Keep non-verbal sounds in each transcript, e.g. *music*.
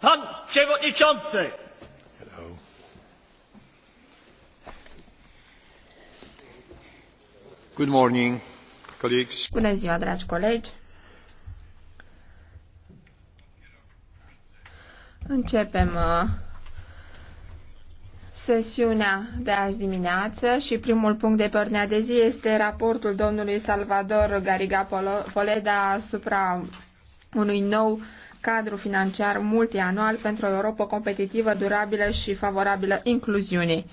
Pan Przewodniczący! Hello. Good morning, colleagues. Bună ziua, dragi colegi! Începem uh, sesiunea de azi dimineață și primul punct de pe de zi este raportul domnului Salvador Gariga Poleda asupra unui nou cadru financiar multianual pentru o Europa competitivă, durabilă și favorabilă incluziunii.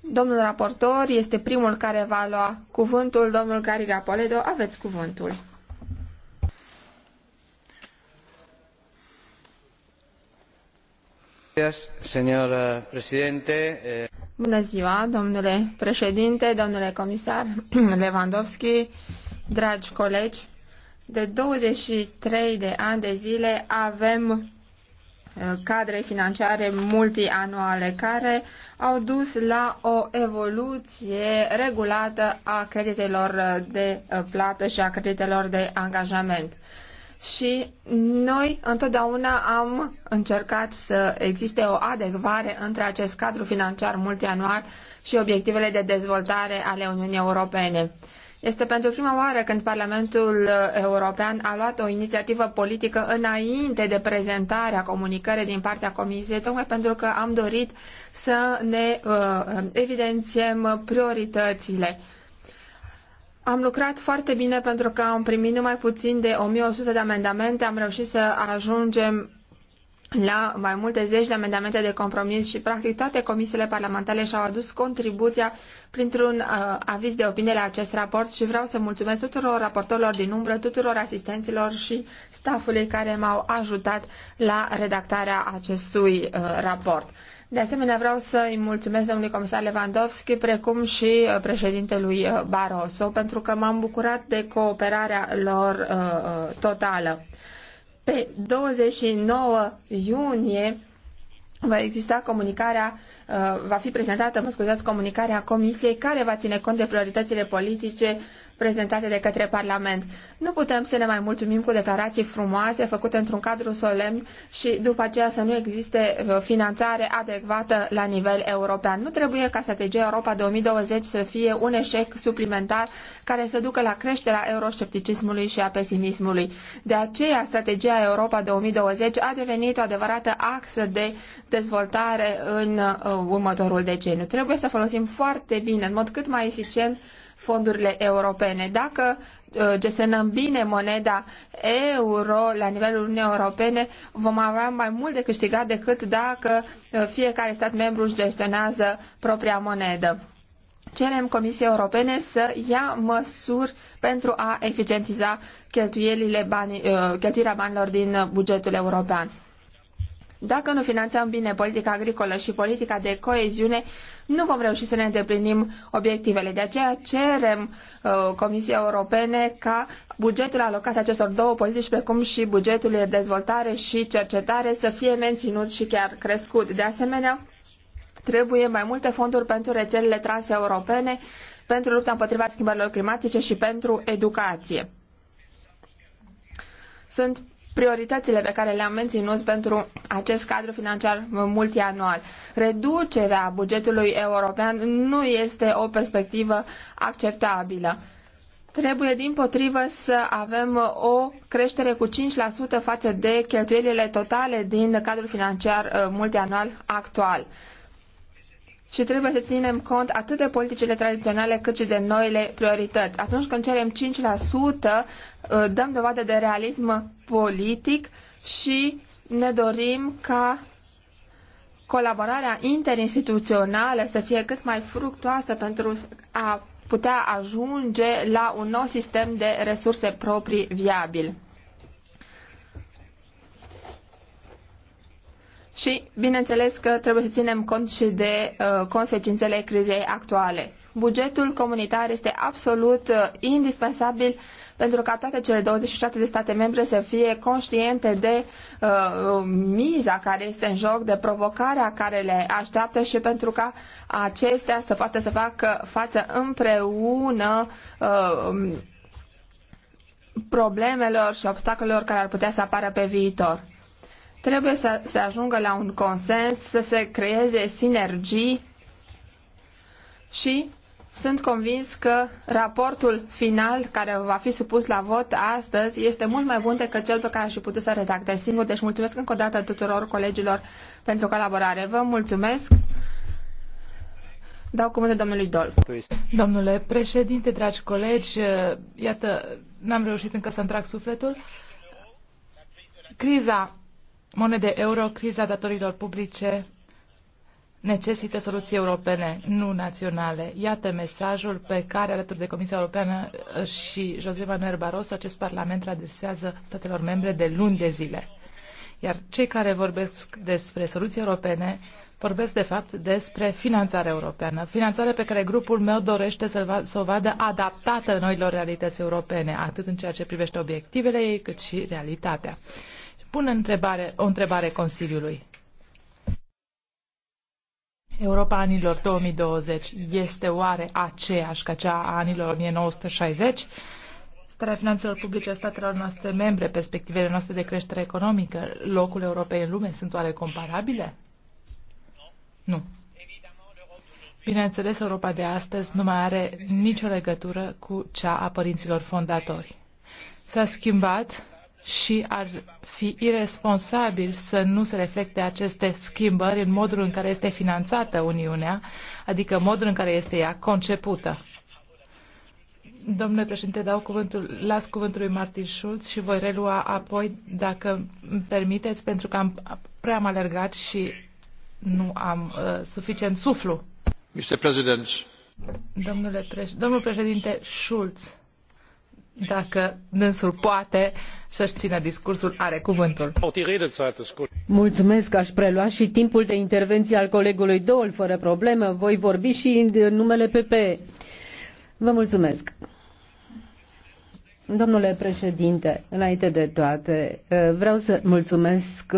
Domnul raportor este primul care va lua cuvântul. Domnul Garriga Poledo, aveți cuvântul. Bună ziua, domnule președinte, domnule comisar Lewandowski, dragi colegi. De 23 de ani de zile avem uh, cadre financiare multianuale care au dus la o evoluție regulată a creditelor de uh, plată și a creditelor de angajament. Și noi întotdeauna am încercat să existe o adecvare între acest cadru financiar multianual și obiectivele de dezvoltare ale Uniunii Europene. Este pentru prima oară când Parlamentul European a luat o inițiativă politică înainte de prezentarea comunicării din partea Comisiei, tocmai pentru că am dorit să ne uh, evidențiem prioritățile. Am lucrat foarte bine pentru că am primit numai puțin de 1100 de amendamente, am reușit să ajungem la mai multe zeci de amendamente de compromis și practic toate comisiile parlamentare și-au adus contribuția printr-un uh, aviz de opinie la acest raport și vreau să mulțumesc tuturor raportorilor din umbră, tuturor asistenților și staffului care m-au ajutat la redactarea acestui uh, raport. De asemenea, vreau să îi mulțumesc domnului comisar Lewandowski, precum și uh, președintelui uh, Barroso, pentru că m-am bucurat de cooperarea lor uh, uh totală. Pe 29 iunie va exista comunicarea, uh, va fi prezentată, mă scuzați, comunicarea Comisiei care va ține cont de prioritățile politice prezentate de către Parlament. Nu putem să ne mai mulțumim cu declarații frumoase făcute într-un cadru solemn și după aceea să nu existe uh, finanțare adecvată la nivel european. Nu trebuie ca strategia Europa 2020 să fie un eșec suplimentar care să ducă la creșterea euroscepticismului și a pesimismului. De aceea, strategia Europa 2020 a devenit o adevărată axă de dezvoltare în uh, următorul deceniu. Trebuie să folosim foarte bine, în mod cât mai eficient, fondurile europene. Dacă uh, gestionăm bine moneda euro la nivelul Uniunii Europene, vom avea mai mult de câștigat decât dacă uh, fiecare stat membru își gestionează propria monedă. Cerem Comisiei Europene să ia măsuri pentru a eficientiza cheltuielile banii, uh, cheltuirea banilor din bugetul european. Dacă nu finanțăm bine politica agricolă și politica de coeziune, nu vom reuși să ne îndeplinim obiectivele. De aceea cerem uh, Comisiei Europene ca bugetul alocat acestor două politici, precum și bugetul de dezvoltare și cercetare, să fie menținut și chiar crescut. De asemenea, trebuie mai multe fonduri pentru rețelele transeuropene, pentru lupta împotriva schimbărilor climatice și pentru educație. Sunt prioritățile pe care le-am menținut pentru acest cadru financiar multianual. Reducerea bugetului european nu este o perspectivă acceptabilă. Trebuie din potrivă să avem o creștere cu 5% față de cheltuielile totale din cadrul financiar uh, multianual actual și trebuie să ținem cont atât de politicile tradiționale cât și de noile priorități. Atunci când cerem 5%, uh, dăm dovadă de realism politic și ne dorim ca colaborarea interinstituțională să fie cât mai fructuoasă pentru a putea ajunge la un nou sistem de resurse proprii viabil. Și, bineînțeles, că trebuie să ținem cont și de uh, consecințele crizei actuale. Bugetul comunitar este absolut uh, indispensabil pentru ca toate cele 27 de state membre să fie conștiente de uh, uh, miza care este în joc, de provocarea care le așteaptă și pentru ca acestea să poată să facă față împreună uh, problemelor și obstacolelor care ar putea să apară pe viitor. Trebuie să se ajungă la un consens, să se creeze sinergii și sunt convins că raportul final care va fi supus la vot astăzi este mult mai bun decât cel pe care aș fi putut să redactez singur, deci mulțumesc încă o dată tuturor colegilor pentru colaborare. Vă mulțumesc! Dau cuvântul domnului Dol. Domnule președinte, dragi colegi, iată, n-am reușit încă să-mi trag sufletul. Criza monede euro, criza datorilor publice necesită soluții europene, nu naționale. Iată mesajul pe care, alături de Comisia Europeană și José Manuel Barroso, acest Parlament adresează statelor membre de luni de zile. Iar cei care vorbesc despre soluții europene vorbesc, de fapt, despre finanțare europeană. Finanțare pe care grupul meu dorește să, să o vadă adaptată noilor realități europene, atât în ceea ce privește obiectivele ei, cât și realitatea pun întrebare, o întrebare Consiliului. Europa anilor 2020 este oare aceeași ca cea a anilor 1960? Starea finanțelor publice a statelor noastre membre, perspectivele noastre de creștere economică, locul Europei în lume, sunt oare comparabile? Nu. Bineînțeles, Europa de astăzi nu mai are nicio legătură cu cea a părinților fondatori. S-a schimbat și ar fi irresponsabil să nu se reflecte aceste schimbări în modul în care este finanțată Uniunea, adică modul în care este ea concepută. Domnule președinte, dau cuvântul, las cuvântul lui Martin Schulz și voi relua apoi, dacă îmi permiteți, pentru că am prea am alergat și nu am uh, suficient suflu. Mr. President. Domnule domnul președinte Schulz, dacă dânsul poate să-și țină discursul, are cuvântul. Mulțumesc, aș prelua și timpul de intervenție al colegului Dol, fără problemă. Voi vorbi și în numele PPE. Vă mulțumesc. Domnule președinte, înainte de toate, vreau să mulțumesc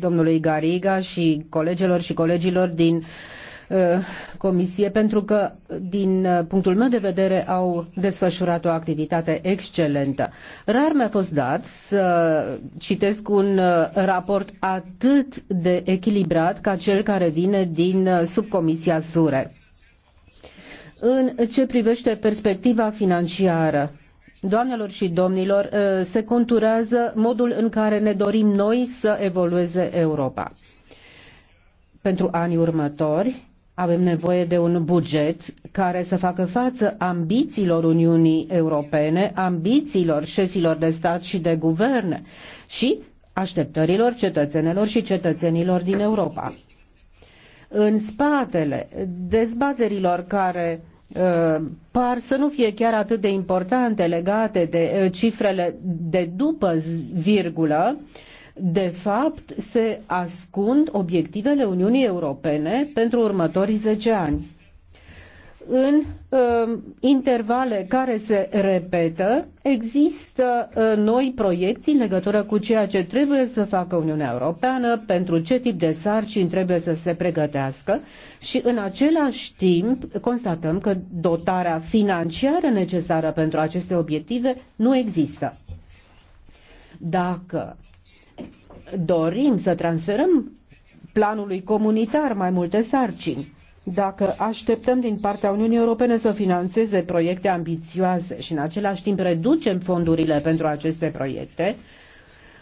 domnului Gariga și colegilor și colegilor din Uh, comisie pentru că, din uh, punctul meu de vedere, au desfășurat o activitate excelentă. Rar mi-a fost dat să citesc un uh, raport atât de echilibrat ca cel care vine din subcomisia SURE. În ce privește perspectiva financiară, Doamnelor și domnilor, se conturează modul în care ne dorim noi să evolueze Europa. Pentru anii următori, avem nevoie de un buget care să facă față ambițiilor Uniunii Europene, ambițiilor șefilor de stat și de guverne și așteptărilor cetățenilor și cetățenilor din Europa. În spatele dezbaterilor care uh, par să nu fie chiar atât de importante legate de uh, cifrele de după virgulă, de fapt se ascund obiectivele Uniunii Europene pentru următorii 10 ani. În uh, intervale care se repetă, există uh, noi proiecții în legătură cu ceea ce trebuie să facă Uniunea Europeană, pentru ce tip de sarcini trebuie să se pregătească și în același timp constatăm că dotarea financiară necesară pentru aceste obiective nu există. Dacă dorim să transferăm planului comunitar mai multe sarcini. Dacă așteptăm din partea Uniunii Europene să financeze proiecte ambițioase și în același timp reducem fondurile pentru aceste proiecte,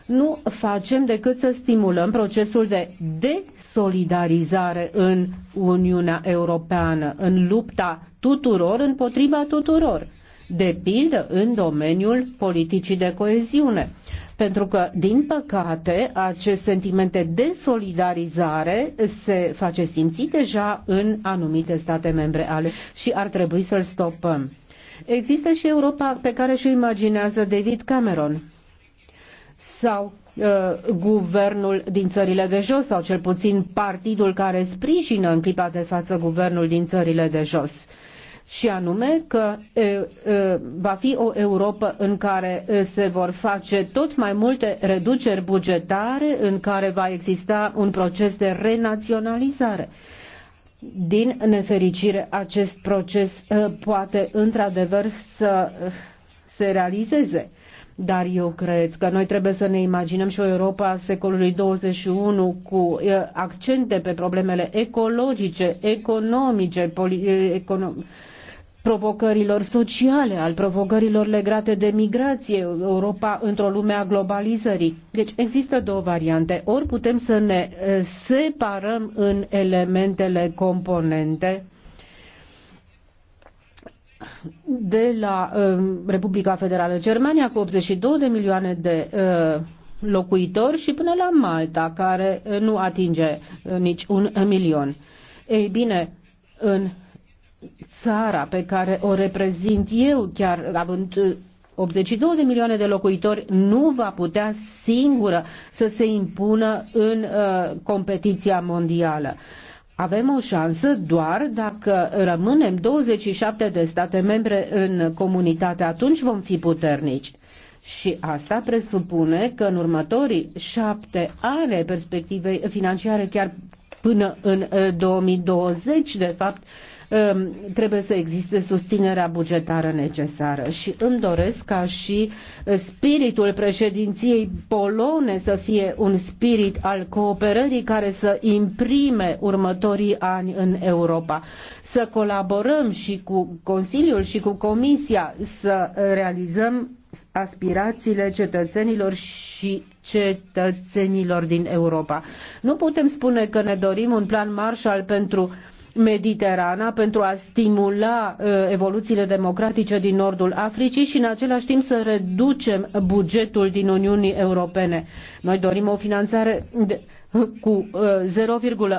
nu facem decât să stimulăm procesul de desolidarizare în Uniunea Europeană, în lupta tuturor împotriva tuturor, de pildă în domeniul politicii de coeziune. Pentru că, din păcate, acest sentimente de solidarizare se face simțit deja în anumite state membre ale și ar trebui să-l stopăm. Există și Europa pe care și imaginează David Cameron sau uh, guvernul din țările de jos sau cel puțin partidul care sprijină în clipa de față guvernul din țările de jos și anume că va fi o Europa în care se vor face tot mai multe reduceri bugetare, în care va exista un proces de renaționalizare. Din nefericire, acest proces poate într-adevăr să se realizeze. Dar eu cred că noi trebuie să ne imaginăm și o Europa a secolului 21 cu accente pe problemele ecologice, economice, poli- econom- provocărilor sociale, al provocărilor legate de migrație, Europa într-o lume a globalizării. Deci există două variante. Ori putem să ne separăm în elementele componente de la Republica Federală Germania cu 82 de milioane de locuitori și până la Malta, care nu atinge nici un milion. Ei bine, în țara pe care o reprezint eu, chiar având 82 uh, de milioane de locuitori, nu va putea singură să se impună în uh, competiția mondială. Avem o șansă doar dacă rămânem 27 de state membre în comunitate, atunci vom fi puternici. Și asta presupune că în următorii șapte ani perspectivei financiare, chiar până în 2020, uh, de fapt, Um, trebuie să existe susținerea bugetară necesară și îmi doresc ca și spiritul președinției polone să fie un spirit al cooperării care să imprime următorii ani în Europa. Să colaborăm și cu Consiliul și cu Comisia să realizăm aspirațiile cetățenilor și cetățenilor din Europa. Nu putem spune că ne dorim un plan Marshall pentru Mediterana pentru a stimula uh, evoluțiile democratice din nordul Africii și în același timp să reducem bugetul din Uniunii Europene. Noi dorim o finanțare de, cu 0,8%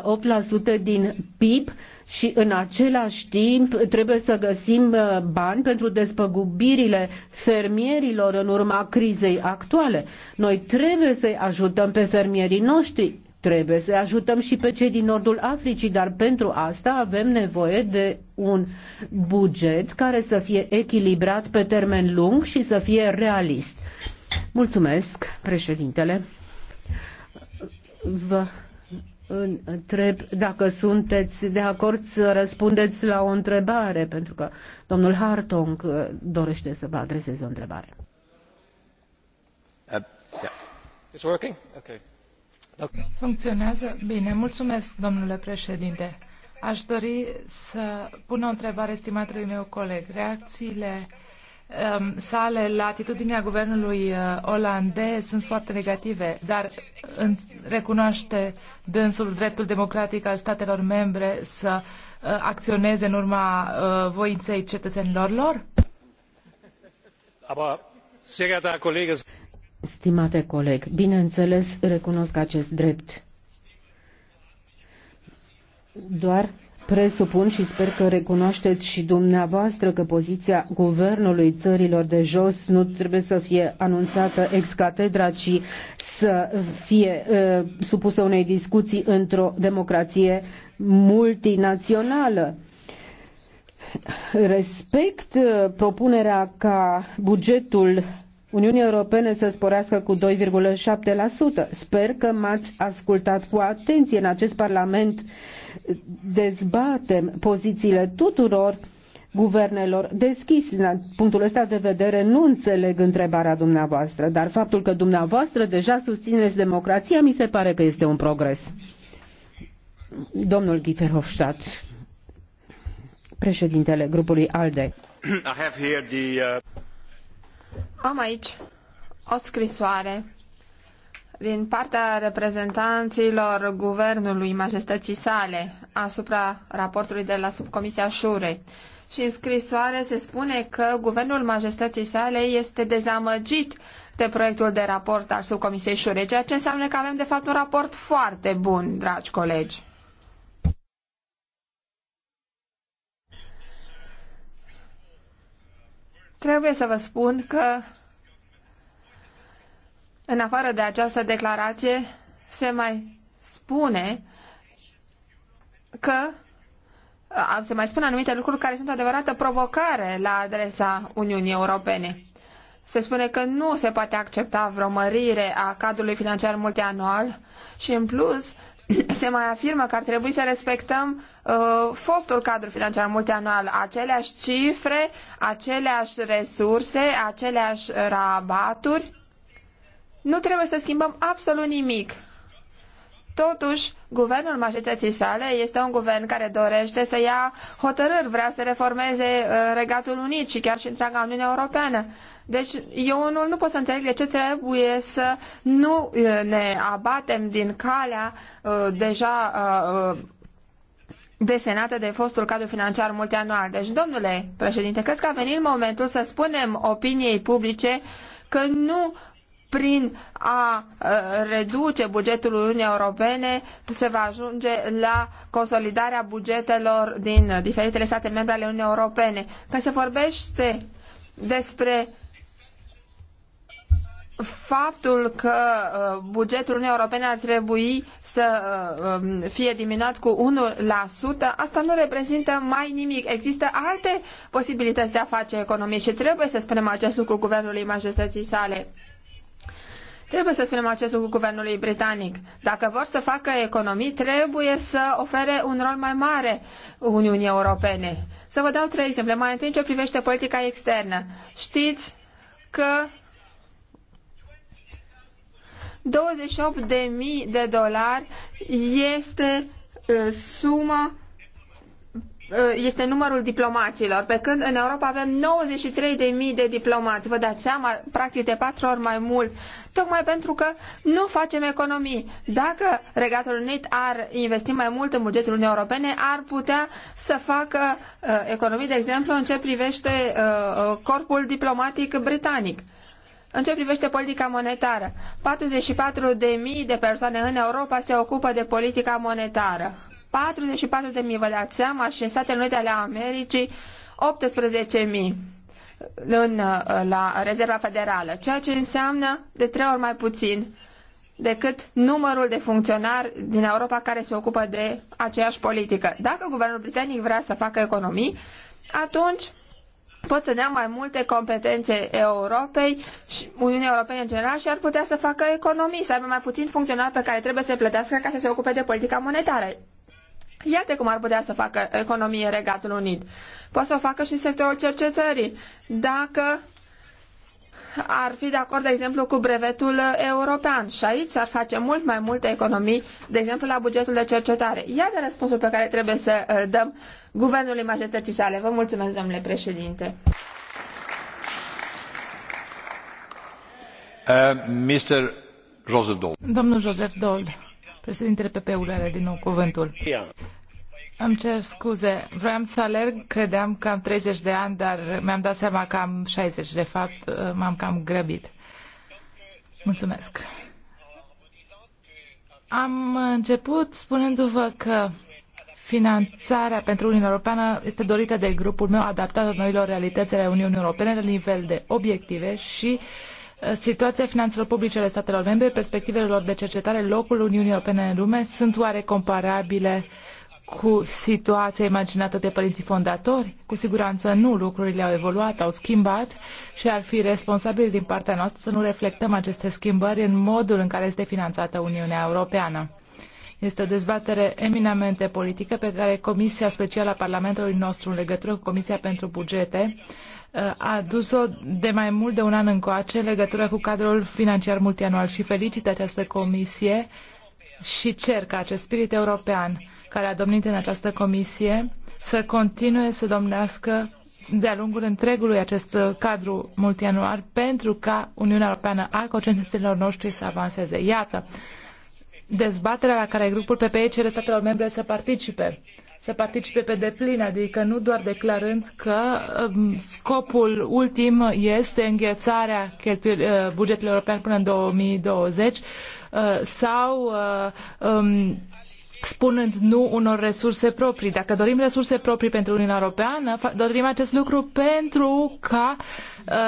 uh, din PIB și în același timp trebuie să găsim uh, bani pentru despăgubirile fermierilor în urma crizei actuale. Noi trebuie să-i ajutăm pe fermierii noștri Trebuie să ajutăm și pe cei din nordul Africii, dar pentru asta avem nevoie de un buget care să fie echilibrat pe termen lung și să fie realist. Mulțumesc, președintele. Vă întreb dacă sunteți de acord să răspundeți la o întrebare, pentru că domnul Hartong dorește să vă adreseze o întrebare. Uh, yeah. It's working? Okay. Funcționează? Bine, mulțumesc, domnule președinte. Aș dori să pun o întrebare estimatului meu coleg. Reacțiile um, sale la atitudinea guvernului uh, olandez sunt foarte negative, dar recunoaște dânsul dreptul democratic al statelor membre să uh, acționeze în urma uh, voinței cetățenilor lor? Aber, sehr geehrter Herr Kollege, Stimate coleg, bineînțeles, recunosc acest drept. Doar presupun și sper că recunoașteți și dumneavoastră că poziția guvernului țărilor de jos nu trebuie să fie anunțată ex catedra, ci să fie uh, supusă unei discuții într-o democrație multinațională respect propunerea ca bugetul Uniunii Europene să sporească cu 2,7%. Sper că m-ați ascultat cu atenție. În acest Parlament dezbatem pozițiile tuturor guvernelor deschis. Din punctul ăsta de vedere nu înțeleg întrebarea dumneavoastră, dar faptul că dumneavoastră deja susțineți democrația mi se pare că este un progres. Domnul Giefer președintele grupului ALDE. I have here the, uh... Am aici o scrisoare din partea reprezentanților guvernului majestății sale asupra raportului de la subcomisia Șure. Și în scrisoare se spune că guvernul majestății sale este dezamăgit de proiectul de raport al subcomisiei Șure, ceea ce înseamnă că avem de fapt un raport foarte bun, dragi colegi. Trebuie să vă spun că, în afară de această declarație, se mai spune că se mai spun anumite lucruri care sunt o adevărată provocare la adresa Uniunii Europene. Se spune că nu se poate accepta vreo mărire a cadrului financiar multianual și, în plus, *clears throat* se mai afirmă că ar trebui să respectăm Uh, fostul cadru financiar multianual, aceleași cifre, aceleași resurse, aceleași rabaturi. Nu trebuie să schimbăm absolut nimic. Totuși, guvernul majorității sale este un guvern care dorește să ia hotărâri, vrea să reformeze uh, Regatul Unit și chiar și întreaga Uniune Europeană. Deci eu nu, nu pot să înțeleg de ce trebuie să nu uh, ne abatem din calea deja desenată de fostul cadru financiar multianual. Deci, domnule președinte, cred că a venit momentul să spunem opiniei publice că nu prin a uh, reduce bugetul Uniunii Europene se va ajunge la consolidarea bugetelor din diferitele state membre ale Uniunii Europene. Că se vorbește despre faptul că uh, bugetul Uniunii Europene ar trebui să uh, um, fie diminuat cu 1%, asta nu reprezintă mai nimic. Există alte posibilități de a face economii și trebuie să spunem acest lucru guvernului majestății sale. Trebuie să spunem acest lucru guvernului britanic. Dacă vor să facă economii, trebuie să ofere un rol mai mare Uniunii Europene. Să vă dau trei exemple. Mai întâi ce privește politica externă. Știți că 28.000 de dolari este uh, suma uh, este numărul diplomaților, pe când în Europa avem 93.000 de diplomați. Vă dați seama, practic de patru ori mai mult, tocmai pentru că nu facem economii. Dacă Regatul Unit ar investi mai mult în bugetul Uniunii Europene, ar putea să facă uh, economii, de exemplu, în ce privește uh, uh corpul diplomatic britanic. În ce privește politica monetară, 44.000 de persoane în Europa se ocupă de politica monetară. 44.000, vă dați seama, și în Statele Unite ale Americii 18.000 în, la Rezerva Federală, ceea ce înseamnă de trei ori mai puțin decât numărul de funcționari din Europa care se ocupă de aceeași politică. Dacă guvernul britanic vrea să facă economii, atunci pot să dea mai multe competențe Europei și Uniunii Europene în general și ar putea să facă economii, să aibă mai puțin funcționari pe care trebuie să-i plătească ca să se ocupe de politica monetară. Iată cum ar putea să facă economie Regatul Unit. Poate să o facă și sectorul cercetării. Dacă ar fi de acord, de exemplu, cu brevetul european și aici ar face mult mai multe economii, de exemplu, la bugetul de cercetare. Iată răspunsul pe care trebuie să îl uh, dăm Guvernului Majestății sale. Vă mulțumesc, domnule președinte. Uh, Mr. Joseph Dole. Domnul Joseph Dole, președintele PP-ului, are din nou cuvântul. Îmi cer scuze, să alerg, credeam că am 30 de ani, dar mi-am dat seama că am 60, de fapt m-am cam grăbit. Mulțumesc. Am început spunându-vă că finanțarea pentru Uniunea Europeană este dorită de grupul meu adaptată noilor realități ale Uniunii Europene la nivel de obiective și uh, situația finanțelor publice ale statelor membre, perspectivele lor de cercetare, locul Uniunii Europene în lume sunt oare comparabile uh, cu situația imaginată de părinții fondatori? Cu siguranță nu, lucrurile au evoluat, au schimbat și ar fi responsabil din partea noastră să nu reflectăm aceste schimbări în modul în care este finanțată Uniunea Europeană. Este o dezbatere eminamente politică pe care Comisia Specială a Parlamentului nostru în legătură cu Comisia pentru Bugete a dus-o de mai mult de un an încoace în legătură cu cadrul financiar multianual și felicit această comisie și cer ca acest spirit european care a domnit în această comisie să continue să domnească de-a lungul întregului acest uh, cadru multianual pentru ca Uniunea Europeană a concetățenilor noștri să avanseze. Iată, dezbaterea la care grupul PPE cere statelor membre să participe să participe pe deplin, adică nu doar declarând că um, scopul ultim este înghețarea uh, bugetului european până în 2020, Uh, sau uh, um, spunând nu unor resurse proprii. Dacă dorim resurse proprii pentru Uniunea Europeană, dorim acest lucru pentru ca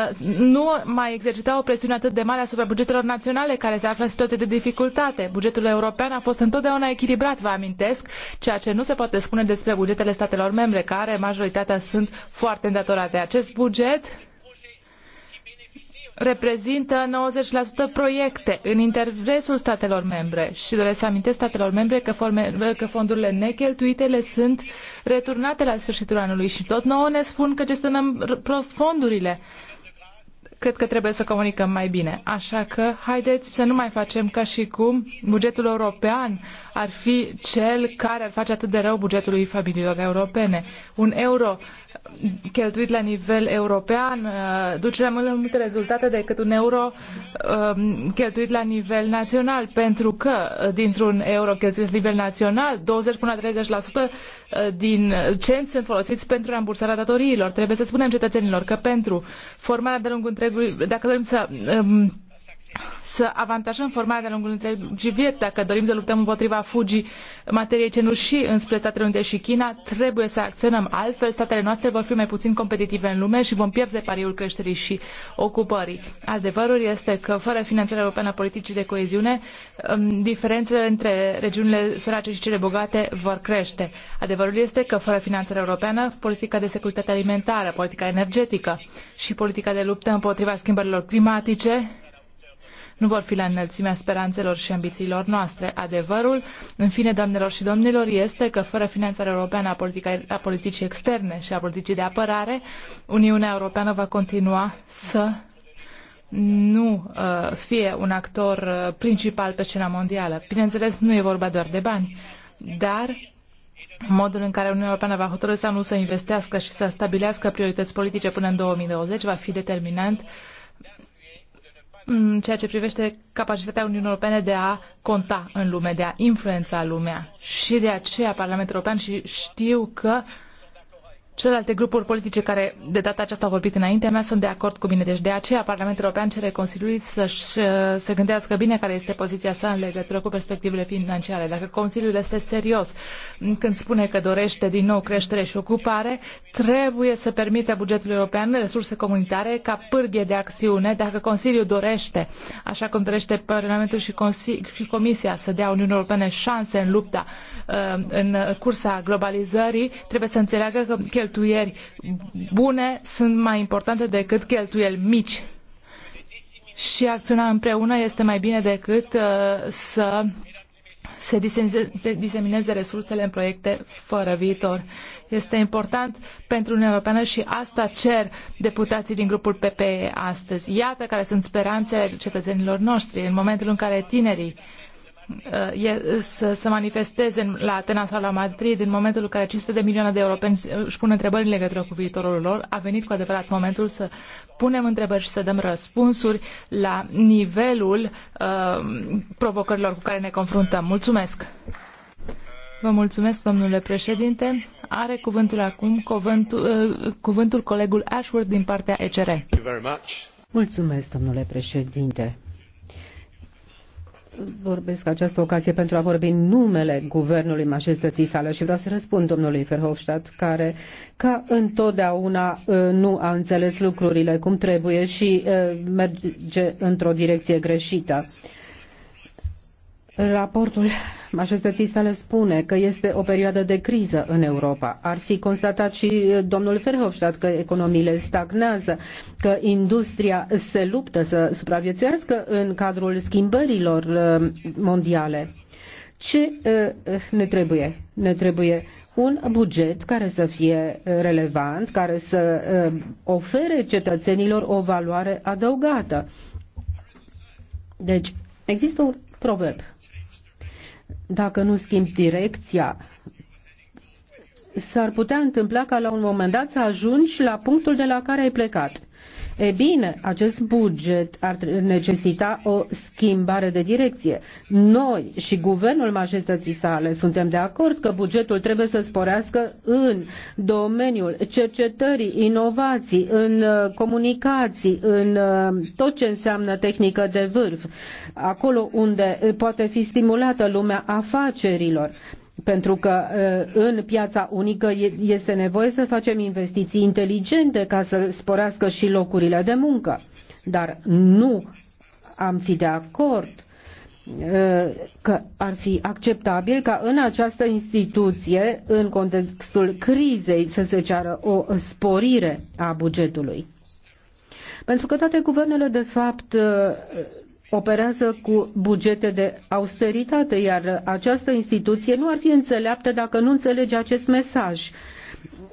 uh, nu mai exercita o presiune atât de mare asupra bugetelor naționale care se află în situație de dificultate. Bugetul european a fost întotdeauna echilibrat, vă amintesc, ceea ce nu se poate spune despre bugetele statelor membre, care majoritatea sunt foarte îndatorate. Acest buget reprezintă 90% proiecte în interesul statelor membre și doresc să amintesc statelor membre că, forme, că fondurile necheltuite le sunt returnate la sfârșitul anului și tot nouă ne spun că gestionăm prost fondurile. Cred că trebuie să comunicăm mai bine. Așa că haideți să nu mai facem ca și cum bugetul european ar fi cel care ar face atât de rău bugetului familiilor europene. Un euro cheltuit la nivel european uh, duce la mai multe rezultate decât un euro um, cheltuit la nivel național, pentru că uh, dintr-un euro cheltuit la nivel național, 20 până la 30% uh, din cenți sunt folosiți pentru rambursarea datoriilor. Trebuie să spunem cetățenilor că pentru formarea de lungul întregului, dacă dorim să um, să avantajăm formarea de-a lungul întregii vieți. Dacă dorim să luptăm împotriva fugii materiei cenușii înspre Statele Unite și China, trebuie să acționăm. Altfel, statele noastre vor fi mai puțin competitive în lume și vom pierde pariul creșterii și ocupării. Adevărul este că fără finanțarea europeană a politicii de coeziune, um, diferențele între regiunile sărace și cele bogate vor crește. Adevărul este că fără finanțarea europeană, politica de securitate alimentară, politica energetică și politica de luptă împotriva schimbărilor climatice nu vor fi la înălțimea speranțelor și ambițiilor noastre. Adevărul, în fine, doamnelor și domnilor, este că fără finanțarea europeană a, a politicii externe și a politicii de apărare, Uniunea Europeană va continua să nu uh, fie un actor uh, principal pe scena mondială. Bineînțeles, nu e vorba doar de bani, dar modul în care Uniunea Europeană va hotărâ sau nu să investească și să stabilească priorități politice până în 2020 va fi determinant în ceea ce privește capacitatea Uniunii Europene de a conta în lume, de a influența lumea. Și de aceea Parlamentul European și știu că Celelalte grupuri politice care de data aceasta au vorbit înaintea mea sunt de acord cu mine. Deci de aceea Parlamentul European cere Consiliului să se gândească bine care este poziția sa în legătură cu perspectivele financiare. Dacă Consiliul este serios când spune că dorește din nou creștere și ocupare, trebuie să permită bugetului european resurse comunitare ca pârghie de acțiune. Dacă Consiliul dorește, așa cum dorește Parlamentul și, și Comisia să dea Uniunii Europene șanse în lupta uh, în cursa globalizării, trebuie să înțeleagă că cheltuieri bune sunt mai importante decât cheltuieli mici și acționa împreună este mai bine decât uh, să se disemineze, disemineze resursele în proiecte fără viitor. Este important pentru Uniunea Europeană și asta cer deputații din grupul PPE astăzi. Iată care sunt speranțele cetățenilor noștri în momentul în care tinerii uh, Uh, să se manifesteze la Atena sau la Madrid în momentul în care 500 de milioane de europeni își pun întrebări în legătură cu viitorul lor, a venit cu adevărat momentul să punem întrebări și să dăm răspunsuri la nivelul uh, provocărilor cu care ne confruntăm. Mulțumesc! Vă mulțumesc, domnule președinte. Are cuvântul acum cuvântul, uh, cuvântul colegul Ashworth din partea ECR. Mulțumesc, domnule președinte vorbesc această ocazie pentru a vorbi în numele guvernului majestății sale și vreau să răspund domnului Verhofstadt, care ca întotdeauna uh, nu a înțeles lucrurile cum trebuie și uh, merge într-o direcție greșită. Raportul majestății sale spune că este o perioadă de criză în Europa. Ar fi constatat și domnul Verhofstadt că economiile stagnează, că industria se luptă să supraviețuiască în cadrul schimbărilor uh, mondiale. Ce uh, ne trebuie? Ne trebuie un buget care să fie uh, relevant, care să ofere cetățenilor o valoare adăugată. Deci, există un proverb. Dacă nu schimbi direcția, s-ar putea întâmpla ca la un moment dat să ajungi la punctul de la care ai plecat. E bine, acest buget ar necesita o schimbare de direcție. Noi și guvernul majestății sale suntem de acord că bugetul trebuie să sporească în domeniul cercetării, inovații, în uh, comunicații, în uh, tot ce înseamnă tehnică de vârf, acolo unde poate fi stimulată lumea afacerilor pentru că uh, în piața unică este nevoie să facem investiții inteligente ca să sporească și locurile de muncă. Dar nu am fi de acord uh, că ar fi acceptabil ca în această instituție, în contextul crizei, să se ceară o sporire a bugetului. Pentru că toate guvernele, de fapt, uh, operează cu bugete de austeritate, iar această instituție nu ar fi înțeleaptă dacă nu înțelege acest mesaj.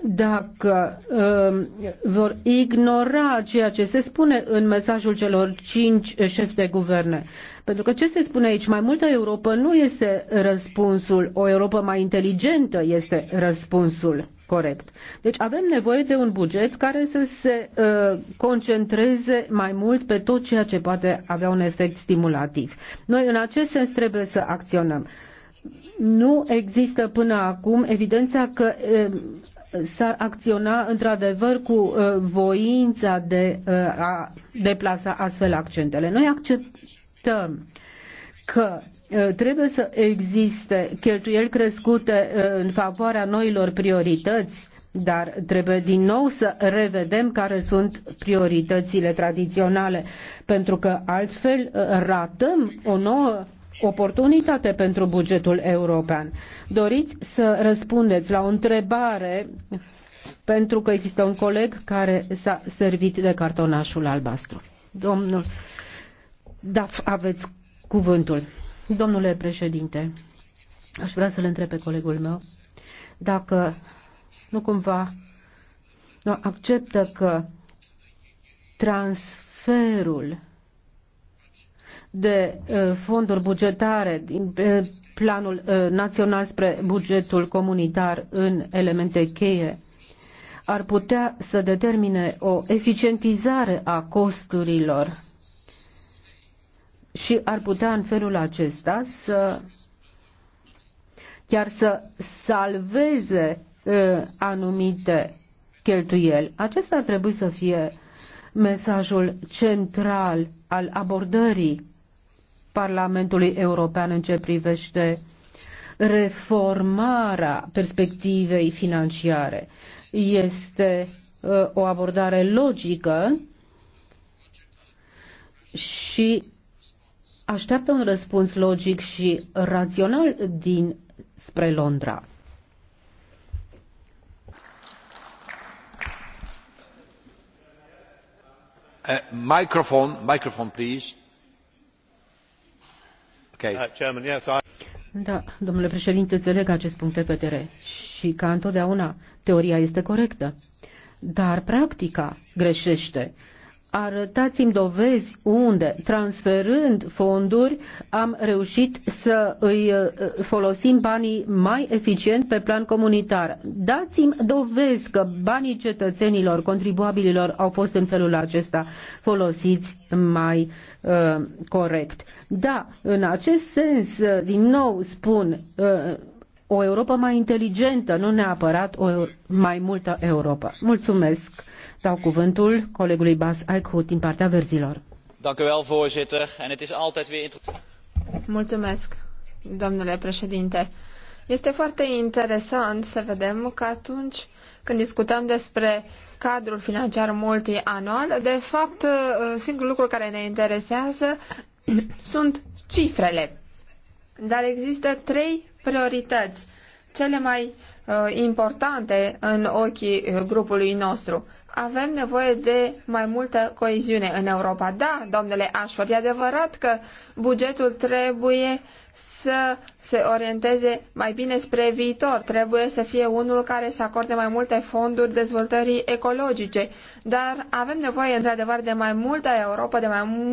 Dacă uh, vor ignora ceea ce se spune în mesajul celor cinci șefi de guverne, pentru că ce se spune aici? Mai multă Europa nu este răspunsul. O Europa mai inteligentă este răspunsul corect. Deci avem nevoie de un buget care să se uh, concentreze mai mult pe tot ceea ce poate avea un efect stimulativ. Noi în acest sens trebuie să acționăm. Nu există până acum evidența că uh, s-ar acționa într-adevăr cu uh, voința de uh, a deplasa astfel accentele. Noi accept, acceptăm că uh, trebuie să existe cheltuieli crescute uh, în favoarea noilor priorități, dar trebuie din nou să revedem care sunt prioritățile tradiționale, pentru că altfel uh, ratăm o nouă oportunitate pentru bugetul european. Doriți să răspundeți la o întrebare pentru că există un coleg care s-a servit de cartonașul albastru. Domnul da, aveți cuvântul. Domnule președinte, aș vrea să-l întreb pe colegul meu dacă nu cumva nu acceptă că transferul de uh, fonduri bugetare din uh, planul uh, național spre bugetul comunitar în elemente cheie ar putea să determine o eficientizare a costurilor și ar putea în felul acesta să chiar să salveze uh, anumite cheltuieli. Acesta ar trebui să fie mesajul central al abordării Parlamentului European în ce privește reformarea perspectivei financiare. Este uh, o abordare logică și așteaptă un răspuns logic și rațional din spre Londra. Microphone, uh, microphone, please. Okay. Uh, Chairman, yes, I... Da, domnule președinte, înțeleg acest punct de vedere și ca întotdeauna teoria este corectă, dar practica greșește. Uh, arătați-mi dovezi unde, transferând fonduri, am reușit să îi uh, folosim banii mai eficient pe plan comunitar. Dați-mi dovezi că banii cetățenilor, contribuabililor au fost în felul acesta folosiți mai uh, corect. Da, în acest sens, uh, din nou spun, uh, o Europa mai inteligentă, nu neapărat o mai multă Europa. Mulțumesc. Dau cuvântul colegului Bas Eichhout din partea verzilor. Mulțumesc, domnule președinte. Este foarte interesant să vedem că atunci când discutăm despre cadrul financiar multianual, de fapt, ă, singurul lucru care ne interesează *clears throat* sunt cifrele. Dar există trei priorități cele mai uh, importante în ochii uh, grupului nostru. Avem nevoie de mai multă coeziune în Europa. Da, domnule Ashford, e adevărat că bugetul trebuie să se orienteze mai bine spre viitor. Trebuie să fie unul care să acorde mai multe fonduri dezvoltării ecologice. Dar avem nevoie, într-adevăr, de mai multă Europa, de mai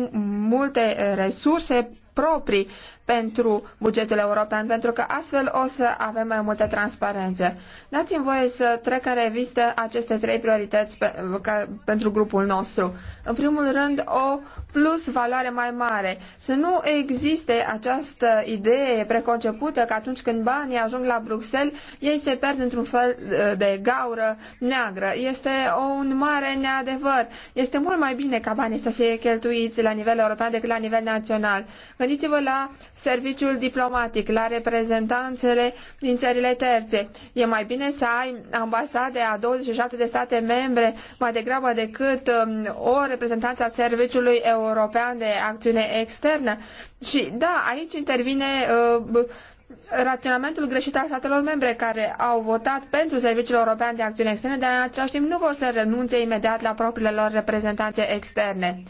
multe uh, resurse proprii pentru bugetul european, pentru că astfel o să avem mai multă transparență. Dați-mi voie să trec în revistă aceste trei priorități pe, ca, pentru grupul nostru. În primul rând, o plus valoare mai mare. Să nu existe această idee preconcepută că atunci când banii ajung la Bruxelles, ei se pierd într-un fel uh, de gaură neagră. Este un mare neadevăr. Este mult mai bine ca banii să fie cheltuiți la nivel european decât la nivel național. Gândiți-vă la serviciul diplomatic, la reprezentanțele din țările terțe. E mai bine să ai ambasade a 27 de state membre mai degrabă decât um, o reprezentanță a Serviciului European de Acțiune Externă. Și da, aici intervine uh, raționamentul greșit al statelor membre care au votat pentru Serviciul European de Acțiune Externă, dar în același timp nu vor să renunțe imediat la propriile lor reprezentanțe externe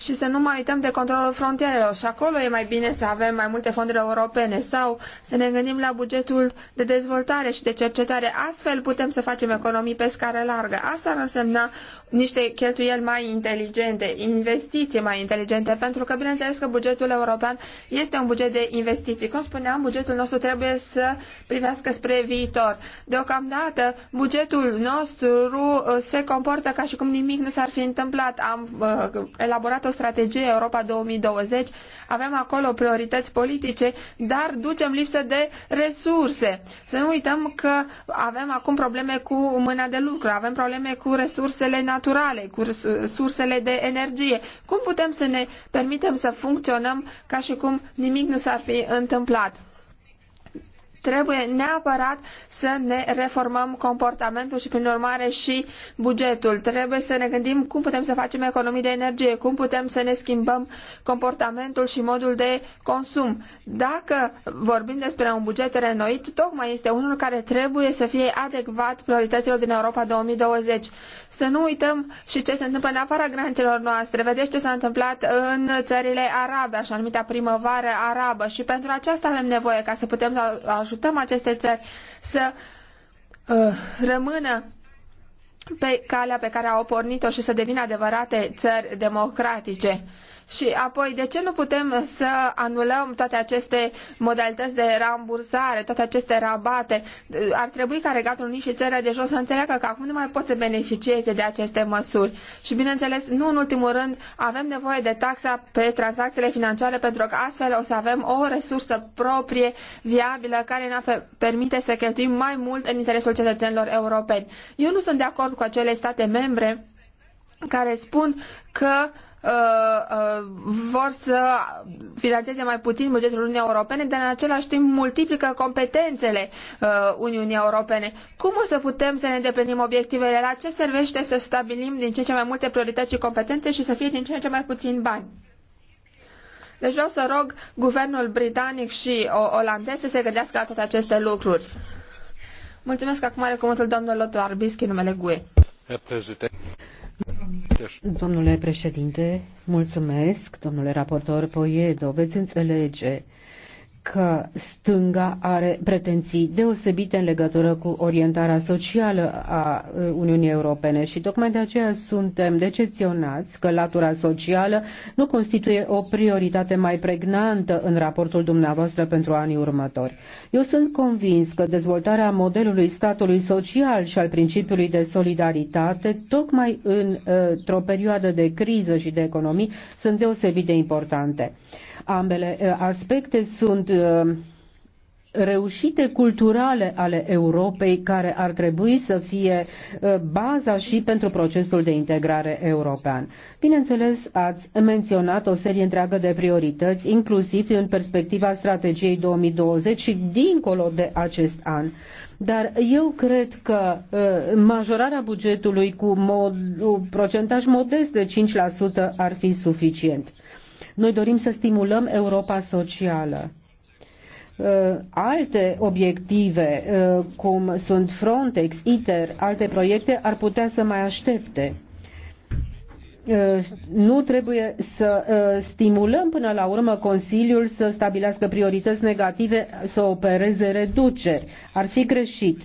și să nu mai uităm de controlul frontierelor. Și acolo e mai bine să avem mai multe fonduri europene sau să ne gândim la bugetul de dezvoltare și de cercetare. Astfel putem să facem economii pe scară largă. Asta ar însemna niște cheltuieli mai inteligente, investiții mai inteligente, pentru că bineînțeles că bugetul european este un buget de investiții. Cum spuneam, bugetul nostru trebuie să privească spre viitor. Deocamdată, bugetul nostru uh, se comportă ca și cum nimic nu s-ar fi întâmplat. Am uh, elaborat o strategie Europa 2020, avem acolo priorități politice, dar ducem lipsă de resurse. Să nu uităm că avem acum probleme cu mâna de lucru, avem probleme cu resursele naturale, cu sursele de energie. Cum putem să ne permitem să funcționăm ca și cum nimic nu s-ar fi întâmplat? trebuie neapărat să ne reformăm comportamentul și, prin urmare, și bugetul. Trebuie să ne gândim cum putem să facem economii de energie, cum putem să ne schimbăm comportamentul și modul de consum. Dacă vorbim despre un buget renoit, tocmai este unul care trebuie să fie adecvat priorităților din Europa 2020. Să nu uităm și ce se întâmplă în afara granițelor noastre. Vedeți ce s-a întâmplat în țările arabe, așa numita primăvară arabă și pentru aceasta avem nevoie ca să putem ajuta ajutăm aceste țări să uh, rămână pe calea pe care au pornit-o și să devină adevărate țări democratice. Și apoi, de ce nu putem să anulăm toate aceste modalități de rambursare, toate aceste rabate? Ar trebui ca Regatul Unit și țările de jos să înțeleagă că acum nu mai pot să beneficieze de aceste măsuri. Și, bineînțeles, nu în ultimul rând, avem nevoie de taxa pe tranzacțiile financiare pentru că astfel o să avem o resursă proprie, viabilă, care ne permite să cheltuim mai mult în interesul cetățenilor europeni. Eu nu sunt de acord cu acele state membre care spun că Uh, uh, vor să finanțeze mai puțin bugetul Uniunii Europene, dar în același timp multiplică competențele uh, Uniunii Europene. Cum o să putem să ne îndeplinim obiectivele? La ce servește să stabilim din ce ce mai multe priorități și competențe și să fie din ce în ce mai puțin bani? Deci vreau să rog guvernul britanic și olandez să se gândească la toate aceste lucruri. Mulțumesc acum are cuvântul domnul Lotu Arbischi, numele GUE. Domnule președinte, mulțumesc, domnule raportor Poiedo, veți înțelege că stânga are pretenții deosebite în legătură cu orientarea socială a uh, Uniunii Europene și tocmai de aceea suntem decepționați că latura socială nu constituie o prioritate mai pregnantă în raportul dumneavoastră pentru anii următori. Eu sunt convins că dezvoltarea modelului statului social și al principiului de solidaritate, tocmai uh, într-o perioadă de criză și de economii, sunt deosebit de importante. Ambele uh, aspecte sunt Uh, reușite culturale ale Europei care ar trebui să fie uh, baza și pentru procesul de integrare european. Bineînțeles, ați menționat o serie întreagă de priorități, inclusiv în perspectiva strategiei 2020 și dincolo de acest an. Dar eu cred că uh, majorarea bugetului cu mod, un procentaj modest de 5% ar fi suficient. Noi dorim să stimulăm Europa socială Uh, alte obiective, uh, cum sunt Frontex, ITER, alte proiecte, ar putea să mai aștepte uh, nu trebuie să stimulăm până la urmă Consiliul să stabilească priorități negative, să opereze reduceri. Ar fi greșit.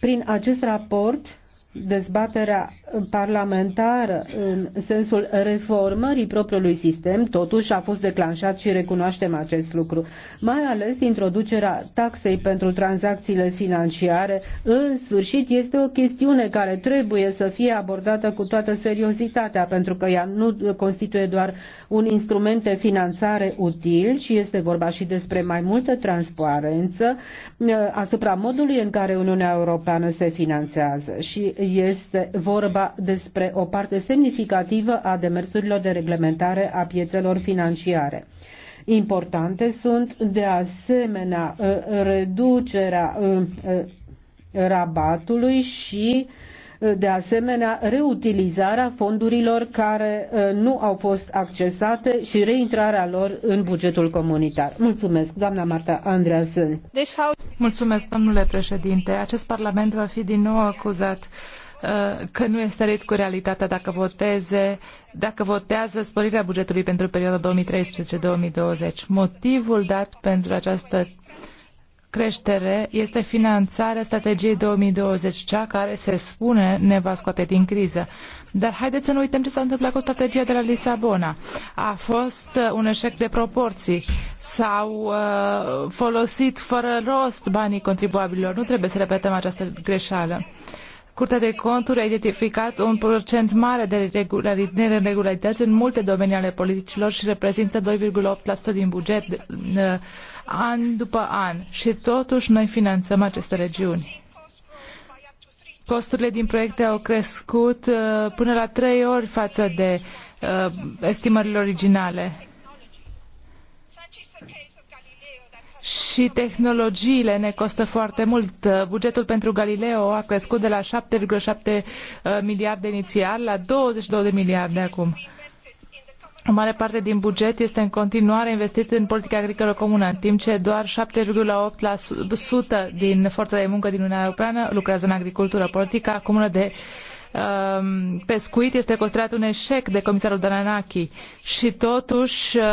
Prin acest raport dezbaterea parlamentară în sensul reformării propriului sistem, totuși a fost declanșat și recunoaștem acest lucru, mai ales introducerea taxei pentru tranzacțiile financiare. În sfârșit, este o chestiune care trebuie să fie abordată cu toată seriozitatea, pentru că ea nu constituie doar un instrument de finanțare util, ci este vorba și despre mai multă transparență uh, asupra modului în care Uniunea Europeană se finanțează. Și este vorba despre o parte semnificativă a demersurilor de reglementare a piețelor financiare. Importante sunt de asemenea uh, reducerea uh, uh, rabatului și de asemenea reutilizarea fondurilor care uh, nu au fost accesate și reintrarea lor în bugetul comunitar. Mulțumesc, doamna Marta Andreasen. Deci Mulțumesc, domnule președinte. Acest parlament va fi din nou acuzat uh, că nu este rit cu realitatea dacă voteze, dacă votează sporirea bugetului pentru perioada 2013-2020. Motivul dat pentru această creștere este finanțarea strategiei 2020, cea care se spune ne va scoate din criză. Dar haideți să nu uităm ce s-a întâmplat cu strategia de la Lisabona. A fost uh, un eșec de proporții. S-au uh, folosit fără rost banii contribuabililor. Nu trebuie să repetăm această greșeală. Curtea de conturi a identificat un procent mare de neregularități în multe domenii ale politicilor și reprezintă 2,8% din buget uh, an după an și totuși noi finanțăm aceste regiuni. Costurile din proiecte au crescut uh, până la trei ori față de uh, estimările originale. Și tehnologiile ne costă foarte mult. Uh, bugetul pentru Galileo a crescut de la 7,7 uh, miliarde inițial la 22 de miliarde acum. O mare parte din buget este în continuare investit în politica agricolă comună, în timp ce doar 7,8% din forța de muncă din Uniunea Europeană lucrează în agricultură. Politica comună de um, pescuit este considerat un eșec de comisarul Dananaki și totuși uh,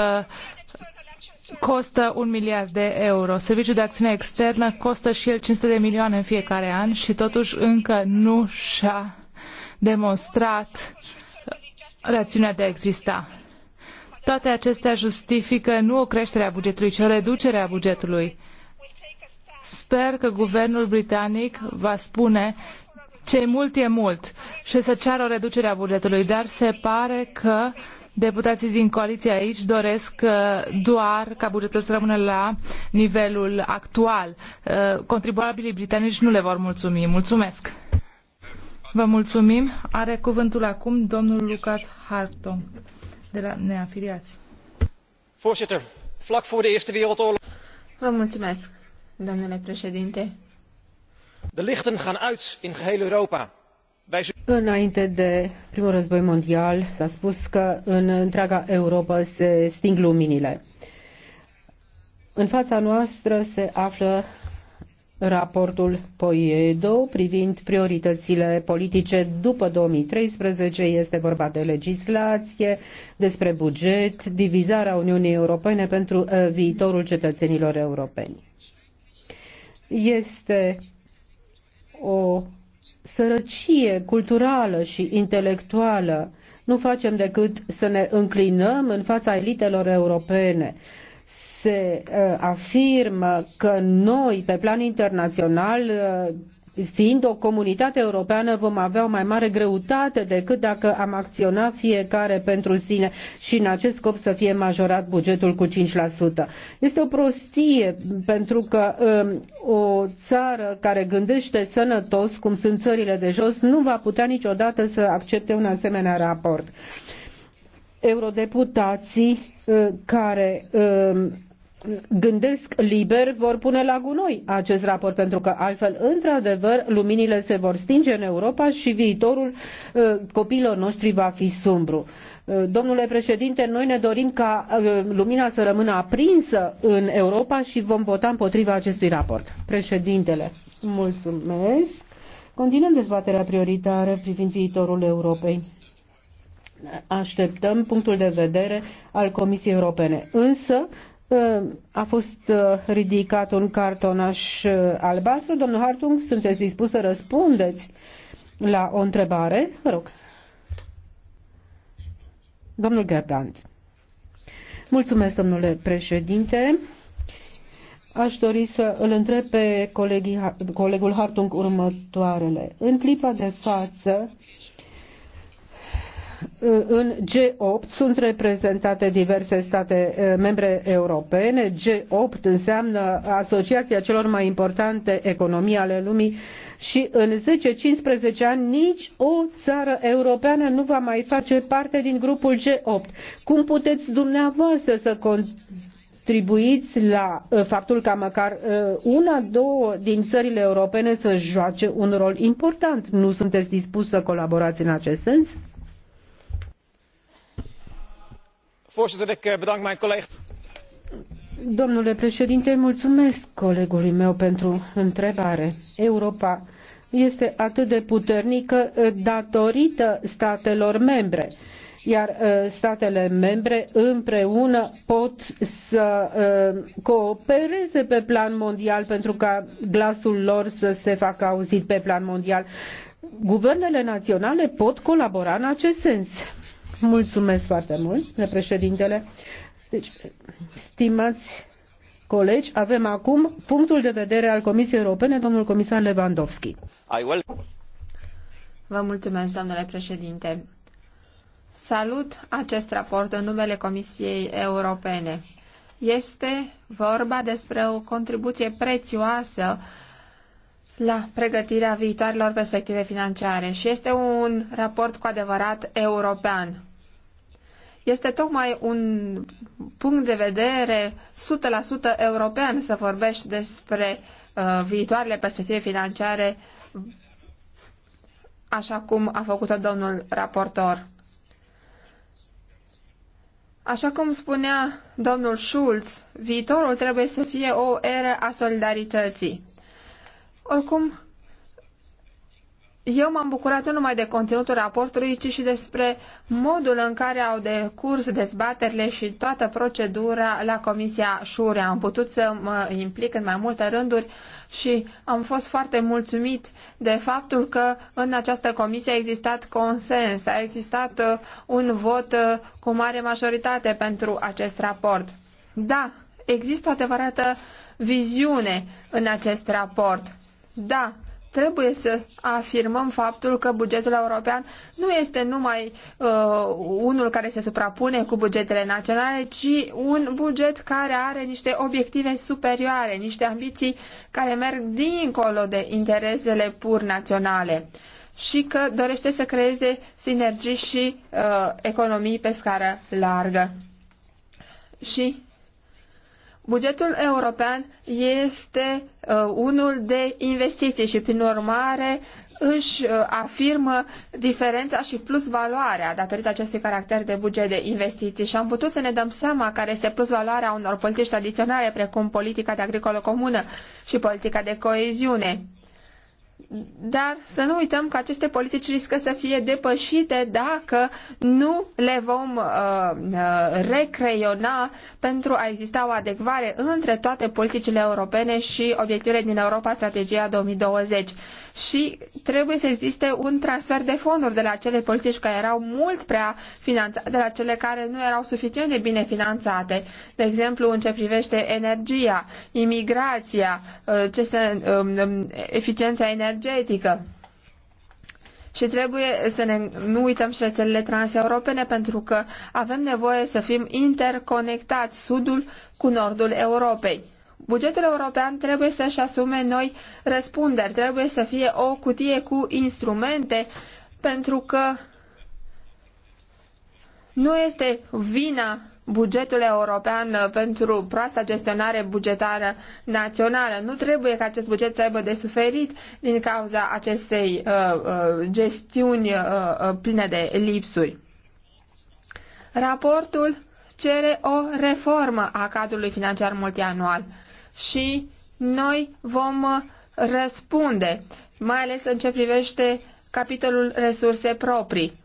costă un miliard de euro. Serviciul de acțiune externă costă și el 500 de milioane în fiecare an și totuși încă nu și-a demonstrat rațiunea de a exista. Toate acestea justifică nu o creștere a bugetului, ci o reducere a bugetului. Sper că guvernul britanic va spune ce e mult e mult și să ceară o reducere a bugetului, dar se pare că deputații din coaliție aici doresc uh, doar ca bugetul să rămână la nivelul actual. Uh, contribuabilii britanici nu le vor mulțumi. Mulțumesc! Vă mulțumim. Are cuvântul acum domnul Lucas Hartong de la neafiliați. Voorzitter, vlak voor de Eerste Wereldoorlog. Vă mulțumesc, domnule președinte. De lichten gaan uit in geheel Europa. Înainte de primul război mondial s-a spus că în întreaga Europa se sting luminile. În fața noastră se află Raportul Poiedo privind prioritățile politice după 2013 este vorba de legislație, despre buget, divizarea Uniunii Europene pentru uh, viitorul cetățenilor europeni. Este o sărăcie culturală și intelectuală. Nu facem decât să ne înclinăm în fața elitelor europene se uh, afirmă că noi, pe plan internațional, uh, fiind o comunitate europeană, vom avea o mai mare greutate decât dacă am acționat fiecare pentru sine și în acest scop să fie majorat bugetul cu 5%. Este o prostie pentru că um, o țară care gândește sănătos, cum sunt țările de jos, nu va putea niciodată să accepte un asemenea raport. Uh, eurodeputații uh, care um, gândesc liber vor pune la gunoi acest raport, pentru că altfel, într-adevăr, luminile se vor stinge în Europa și viitorul uh, copiilor noștri va fi sumbru. Uh, domnule președinte, noi ne dorim ca lumina să rămână aprinsă în Europa și vom vota împotriva acestui raport. Președintele, mulțumesc. Continuăm dezbaterea prioritară privind viitorul Europei așteptăm punctul de vedere al Comisiei Europene. Însă ă, a fost ă, ridicat un cartonaș ă, albastru. Domnul Hartung, sunteți dispus să răspundeți la o întrebare? Vă rog. Domnul Gerbrand. Mulțumesc, domnule președinte. Aș dori să îl întreb pe colegii, colegul Hartung următoarele. În clipa de față, în G8 sunt reprezentate diverse state eh, membre europene. G8 înseamnă asociația celor mai importante economii ale lumii și în 10-15 ani nici o țară europeană nu va mai face parte din grupul G8. Cum puteți dumneavoastră să contribuiți la eh, faptul ca măcar eh, una, două din țările europene să joace un rol important? Nu sunteți dispus să colaborați în acest sens? Voorzitter, ik eh, bedank mijn collega. Domnule președinte, mulțumesc colegului meu pentru întrebare. Europa este atât de puternică eh, datorită statelor membre, iar eh, statele membre împreună pot să coopereze pe plan mondial pentru ca glasul lor să se facă auzit pe plan mondial. Guvernele naționale pot colabora în acest sens. Mulțumesc foarte mult, domnule președintele. Deci, stimați colegi, avem acum punctul de vedere al Comisiei Europene, domnul comisar Lewandowski. Vă mulțumesc, domnule președinte. Salut acest raport în numele Comisiei Europene. Este vorba despre o contribuție prețioasă la pregătirea viitoarelor perspective financiare și este un raport cu adevărat european. Este tocmai un punct de vedere 100% european să vorbești despre uh, viitoarele perspective financiare, așa cum a făcut-o domnul raportor. Așa cum spunea domnul Schulz, viitorul trebuie să fie o eră a solidarității. Oricum, eu m-am bucurat nu numai de conținutul raportului, ci și despre modul în care au decurs dezbaterile și toată procedura la Comisia Șure. Am putut să mă implic în mai multe rânduri și am fost foarte mulțumit de faptul că în această comisie a existat consens, a existat uh, un vot uh, cu mare majoritate pentru acest raport. Da, există o adevărată viziune în acest raport. Da, trebuie să afirmăm faptul că bugetul european nu este numai uh, unul care se suprapune cu bugetele naționale, ci un buget care are niște obiective superioare, niște ambiții care merg dincolo de interesele pur naționale și că dorește să creeze sinergii și uh, economii pe scară largă. Și Bugetul european este uh, unul de investiții și, prin urmare, își uh, afirmă diferența și plus valoarea datorită acestui caracter de buget de investiții și am putut să ne dăm seama care este plus valoarea unor politici tradiționale precum politica de agricolă comună și politica de coeziune. Dar să nu uităm că aceste politici riscă să fie depășite dacă nu le vom uh, uh recreiona pentru a exista o adecvare între toate politicile europene și obiectivele din Europa Strategia 2020. Și trebuie să existe un transfer de fonduri de la cele politici care erau mult prea finanțate, de la cele care nu erau suficient de bine finanțate. De exemplu, în ce privește energia, imigrația, uh, ce se, um, um, eficiența energiei energetică. Și trebuie să ne, nu uităm și rețelele transeuropene pentru că avem nevoie să fim interconectați sudul cu nordul Europei. Bugetul european trebuie să-și asume noi răspunderi, trebuie să fie o cutie cu instrumente pentru că nu este vina bugetul european uh, pentru proasta gestionare bugetară națională. Nu trebuie ca acest buget să aibă de suferit din cauza acestei uh, uh gestiuni uh, uh, pline de lipsuri. Raportul cere o reformă a cadrului financiar multianual și noi vom răspunde, mai ales în ce privește capitolul resurse proprii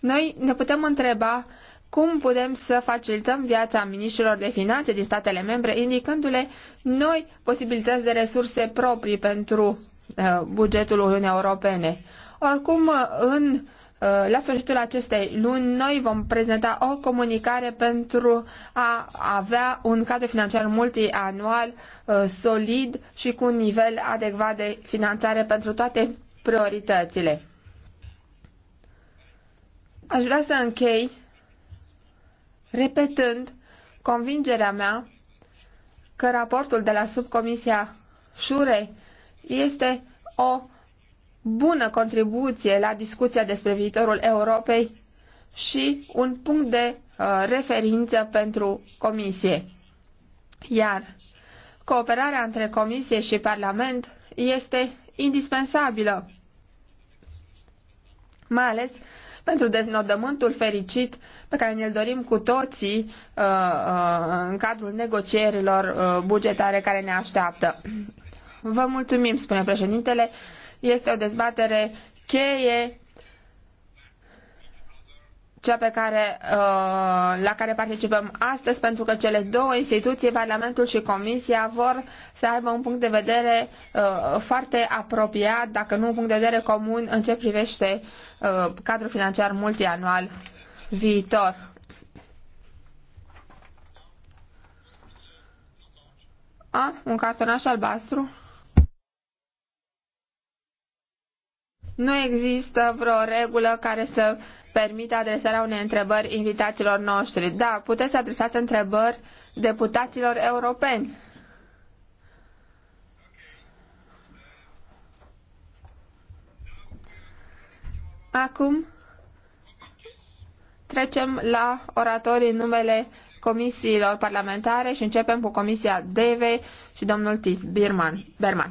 noi ne putem întreba cum putem să facilităm viața ministrilor de finanțe din statele membre, indicându-le noi posibilități de resurse proprii pentru uh, bugetul Uniunii Europene. Oricum, uh, în, uh, la sfârșitul acestei luni, noi vom prezenta o comunicare pentru a avea un cadru financiar multianual solid și cu un nivel adecvat de finanțare pentru toate prioritățile. Aș vrea să închei repetând convingerea mea că raportul de la subcomisia Șure este o bună contribuție la discuția despre viitorul Europei și un punct de uh, referință pentru comisie. Iar cooperarea între comisie și Parlament este indispensabilă, mai ales pentru deznodământul fericit pe care ne-l dorim cu toții uh, uh, în cadrul negocierilor uh, bugetare care ne așteaptă. Vă mulțumim, spune președintele. Este o dezbatere cheie cea pe care, uh, la care participăm astăzi, pentru că cele două instituții, Parlamentul și Comisia, vor să aibă un punct de vedere uh, foarte apropiat, dacă nu un punct de vedere comun, în ce privește uh, cadrul financiar multianual viitor. A, un cartonaș albastru. Nu există vreo regulă care să permită adresarea unei întrebări invitaților noștri. Da, puteți adresați întrebări deputaților europeni. Acum trecem la oratorii în numele comisiilor parlamentare și începem cu Comisia DEVE și domnul Tis Birman. Berman.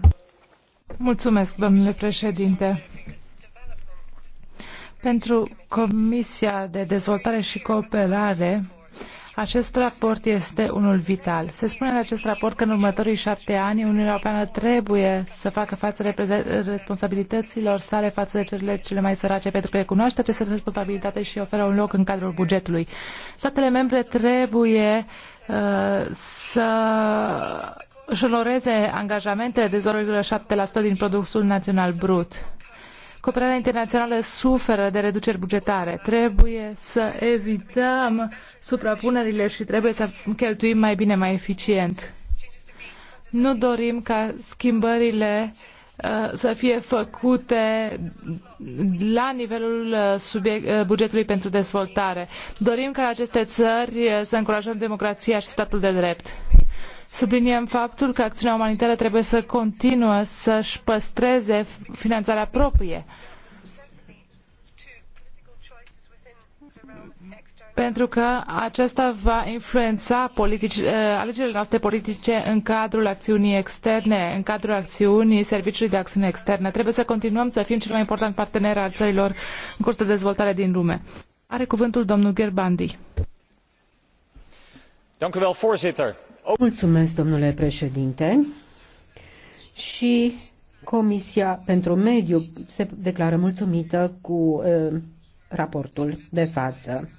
Mulțumesc, domnule președinte. Pentru Comisia de Dezvoltare și Cooperare, acest raport este unul vital. Se spune în acest raport că în următorii șapte ani Uniunea Europeană trebuie să facă față responsabilităților sale față de cele, cele mai sărace, pentru că recunoaște aceste responsabilitate și oferă un loc în cadrul bugetului. Statele membre trebuie uh, să își onoreze angajamentele de 0,7% din produsul național brut Cooperarea internațională suferă de reduceri bugetare. Trebuie să evităm suprapunerile și trebuie să cheltuim mai bine, mai eficient. Nu dorim ca schimbările uh, să fie făcute la nivelul uh, subiect, uh, bugetului pentru dezvoltare. Dorim ca aceste țări să încurajăm democrația și statul de drept. Subliniem faptul că acțiunea umanitară trebuie să continue să-și păstreze finanțarea proprie. pentru că aceasta va influența politici, eh, alegerile noastre politice în cadrul acțiunii externe, în cadrul acțiunii Serviciului de Acțiune Externă. Trebuie să continuăm să fim cel mai important partener al țărilor în curs de dezvoltare din lume. Are cuvântul domnul Gerbandi. Dank u wel, voorzitter. Mulțumesc, domnule președinte. Și Comisia pentru Mediu se declară mulțumită cu uh, raportul de față.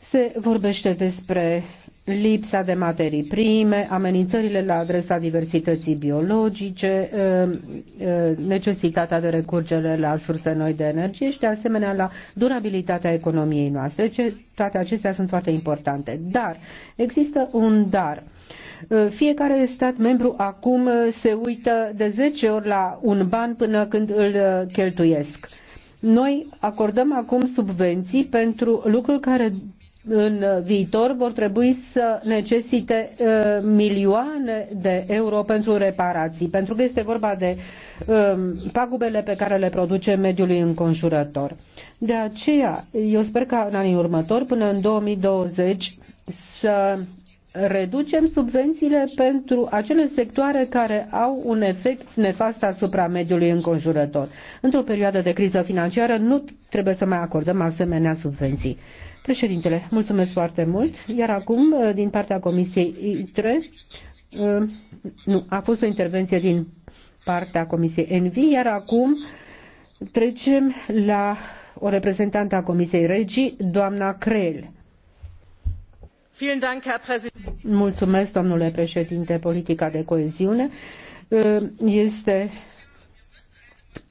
Se vorbește despre lipsa de materii prime, amenințările la adresa diversității biologice, uh, uh, necesitatea de recurgere la surse noi de energie și de asemenea la durabilitatea economiei noastre. toate acestea sunt foarte importante. Dar există un dar. Uh, fiecare stat membru acum se uită de 10 ori la un ban până când îl cheltuiesc noi acordăm acum subvenții pentru lucruri care în viitor vor trebui să necesite uh, milioane de euro pentru reparații, pentru că este vorba de um, pagubele pe care le produce mediului înconjurător. De aceea, eu sper că în anii următori, până în 2020, să reducem subvențiile pentru acele sectoare care au un efect nefast asupra mediului înconjurător. Într-o perioadă de criză financiară nu trebuie să mai acordăm asemenea subvenții. Președintele, mulțumesc foarte mult. Iar acum, uh, din partea Comisiei ITRE, uh, nu, a fost o intervenție din partea Comisiei ENVI, iar acum trecem la o reprezentantă a Comisiei Regii, doamna Creel. Mulțumesc, domnule președinte, politica de coeziune uh, este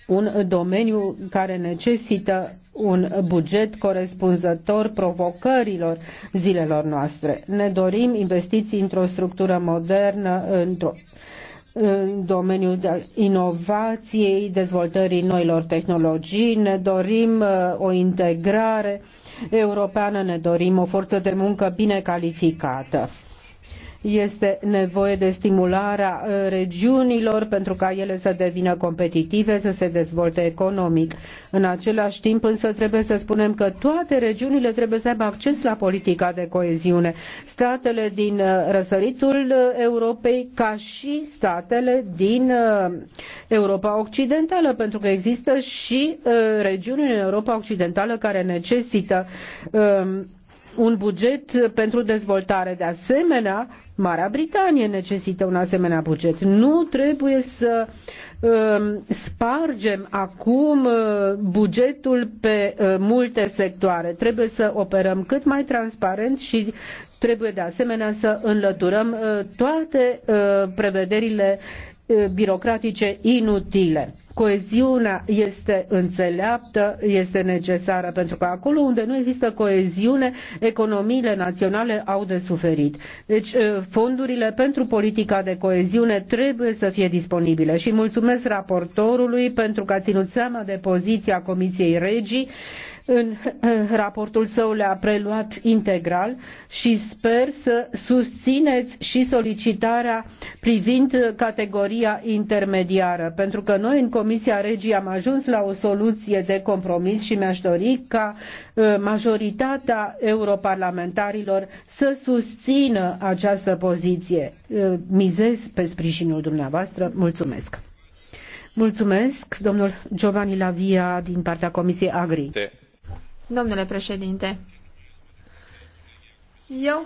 un domeniu care necesită un buget corespunzător provocărilor zilelor noastre. Ne dorim investiții într-o structură modernă, într-o în domeniul de inovației, dezvoltării noilor tehnologii, ne dorim uh, o integrare europeană, ne dorim o forță de muncă bine calificată. Este nevoie de stimularea uh, regiunilor pentru ca ele să devină competitive, să se dezvolte economic. În același timp însă trebuie să spunem că toate regiunile trebuie să aibă acces la politica de coeziune. Statele din uh, răsăritul uh, Europei ca și statele din Europa Occidentală, pentru că există și regiuni în Europa Occidentală care necesită um, un buget pentru dezvoltare. De asemenea, Marea Britanie necesită un asemenea buget. Nu trebuie să um, spargem acum uh, bugetul pe uh, multe sectoare. Trebuie să operăm cât mai transparent și trebuie de asemenea să înlăturăm uh, toate prevederile birocratice inutile coeziunea este înțeleaptă, este necesară, pentru că acolo unde nu există coeziune, economiile naționale au de suferit. Deci uh, fondurile pentru politica de coeziune trebuie să fie disponibile și mulțumesc raportorului pentru că a ținut seama de poziția Comisiei Regii în raportul său le-a preluat integral și sper să susțineți și solicitarea privind categoria intermediară, pentru că noi în Comisia Regii am ajuns la o soluție de compromis și mi-aș dori ca uh, majoritatea europarlamentarilor să susțină această poziție. Uh, mizez pe sprijinul dumneavoastră. Mulțumesc! Mulțumesc, domnul Giovanni Lavia din partea Comisiei Agri. Domnule președinte, eu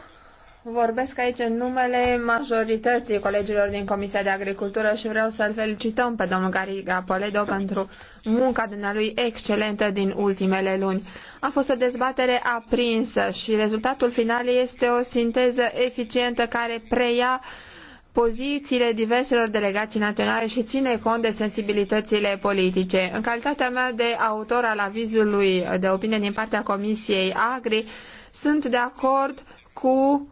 vorbesc aici în numele majorității colegilor din Comisia de Agricultură și vreau să-l felicităm pe domnul Gariga Poledo pentru munca dumnealui excelentă din ultimele luni. A fost o dezbatere aprinsă și rezultatul final este o sinteză eficientă care preia uh, pozițiile diverselor delegații naționale și ține cont de sensibilitățile politice. În calitatea mea de autor al avizului de opinie din partea Comisiei Agri, sunt de acord cu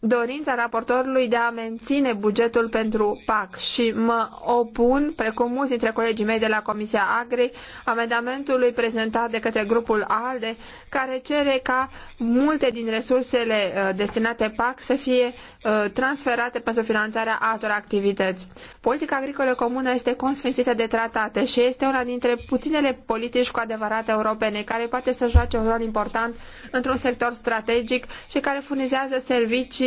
dorința raportorului de a menține bugetul pentru PAC și mă opun, precum mulți dintre colegii mei de la Comisia Agri, amendamentului prezentat de către grupul ALDE, care cere ca multe din resursele uh, destinate PAC să fie uh, transferate pentru finanțarea altor activități. Politica agricolă comună este consfințită de tratate și este una dintre puținele politici cu adevărat europene care poate să joace un rol important într-un sector strategic și care furnizează servicii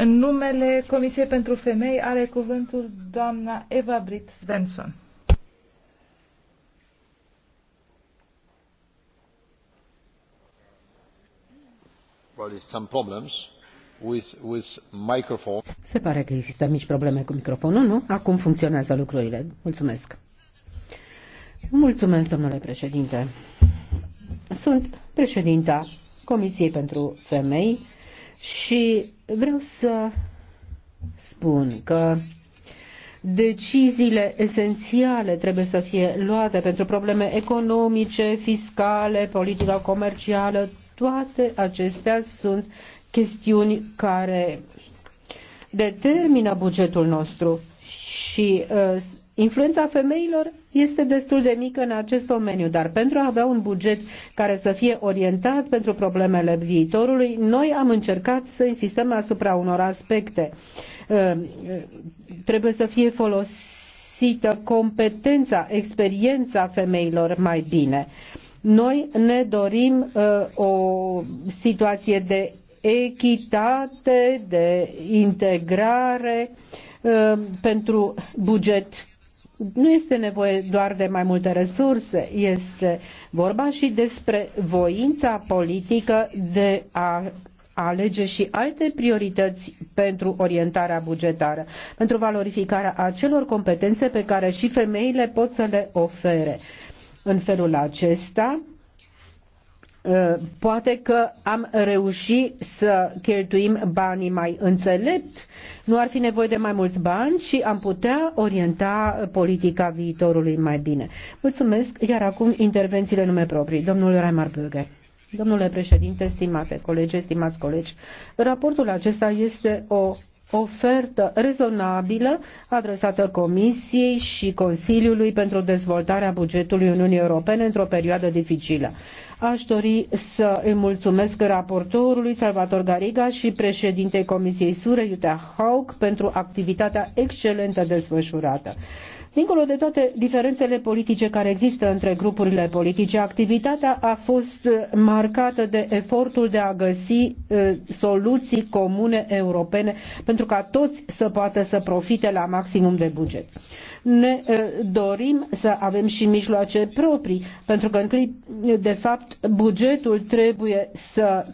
În numele Comisiei pentru Femei are cuvântul doamna Eva Britt Svensson. Se pare că există mici probleme cu microfonul, nu? Acum funcționează lucrurile. Mulțumesc. Mulțumesc, domnule președinte. Sunt președinta Comisiei pentru Femei și vreau să spun că deciziile esențiale trebuie să fie luate pentru probleme economice, fiscale, politica comercială. Toate acestea sunt chestiuni care determină bugetul nostru și uh, Influența femeilor este destul de mică în acest domeniu, dar pentru a avea un buget care să fie orientat pentru problemele viitorului, noi am încercat să insistăm asupra unor aspecte. Uh, uh, trebuie să fie folosită competența, experiența femeilor mai bine. Noi ne dorim uh, o situație de echitate, de integrare pentru buget nu este nevoie doar de mai multe resurse, este vorba și despre voința politică de a alege și alte priorități pentru orientarea bugetară, pentru valorificarea acelor competențe pe care și femeile pot să le ofere. În felul acesta, Uh, poate că am reușit să cheltuim banii mai înțelept, nu ar fi nevoie de mai mulți bani și am putea orienta politica viitorului mai bine. Mulțumesc, iar acum intervențiile nume proprii. Domnul Raimar Böge. Domnule președinte, stimate colegi, stimați colegi, raportul acesta este o ofertă rezonabilă adresată Comisiei și Consiliului pentru dezvoltarea bugetului Uniunii Europene într-o perioadă dificilă. Aș dori să îi mulțumesc raportorului Salvator Gariga și președintei Comisiei Sure, Iutea Haug, pentru activitatea excelentă desfășurată. Dincolo de toate diferențele politice care există între grupurile politice, activitatea a fost uh, marcată de efortul de a găsi uh, soluții comune europene pentru ca toți să poată să profite la maximum de buget. Ne uh, dorim să avem și mijloace proprii, pentru că, în clip, de fapt, bugetul trebuie să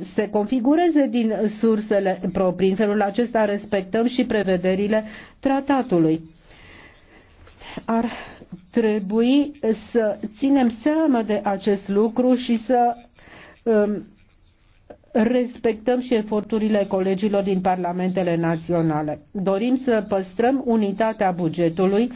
se configureze din sursele proprii. În felul acesta respectăm și prevederile tratatului ar trebui să ținem seama de acest lucru și să um, respectăm și eforturile colegilor din parlamentele naționale. Dorim să păstrăm unitatea bugetului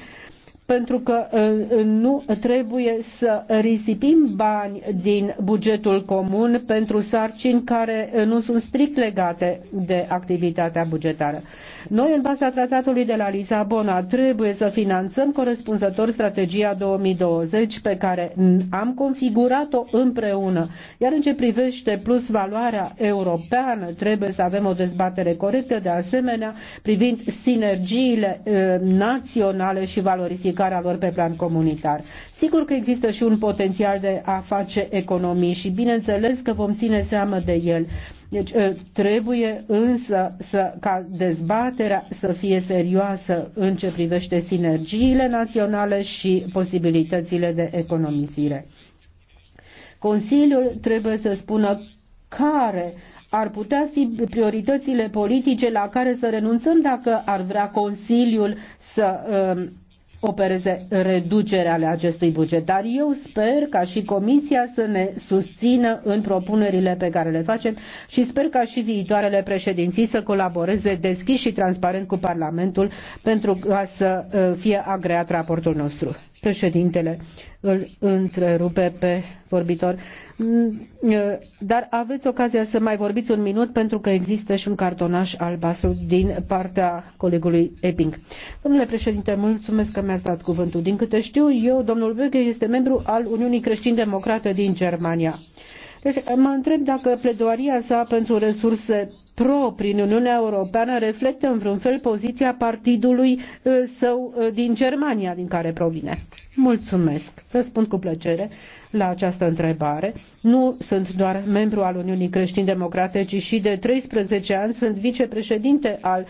pentru că uh, uh, nu trebuie să risipim bani din bugetul comun pentru sarcini care uh, nu sunt strict legate de activitatea bugetară. Noi, în baza tratatului de la Lisabona, trebuie să finanțăm corespunzător strategia 2020 pe care am configurat-o împreună. Iar în ce privește plus valoarea europeană, trebuie să avem o dezbatere corectă, de asemenea, privind sinergiile naționale și valorificarea implicarea lor pe plan comunitar. Sigur că există și un potențial de a face economii și bineînțeles că vom ține seamă de el. Deci ă, trebuie însă să, ca dezbaterea să fie serioasă în ce privește sinergiile naționale și posibilitățile de economisire. Consiliul trebuie să spună care ar putea fi prioritățile politice la care să renunțăm dacă ar vrea Consiliul să ă, opereze reducerea ale acestui buget. Dar eu sper ca și Comisia să ne susțină în propunerile pe care le facem și sper ca și viitoarele președinții să colaboreze deschis și transparent cu Parlamentul pentru ca să uh, fie agreat raportul nostru. Președintele îl întrerupe pe vorbitor. Mm, uh, dar aveți ocazia să mai vorbiți un minut pentru că există și un cartonaș albastru din partea colegului Epping. Domnule președinte, mulțumesc că mi-ați dat cuvântul. Din câte știu eu, domnul Böge este membru al Uniunii Creștin-Democrate din Germania. Deci mă întreb dacă pledoaria sa pentru resurse pro prin Uniunea Europeană reflectă în vreun fel poziția partidului uh, său uh, din Germania, din care provine? Mulțumesc. Răspund cu plăcere la această întrebare. Nu sunt doar membru al Uniunii Creștini democrate ci și de 13 ani sunt vicepreședinte al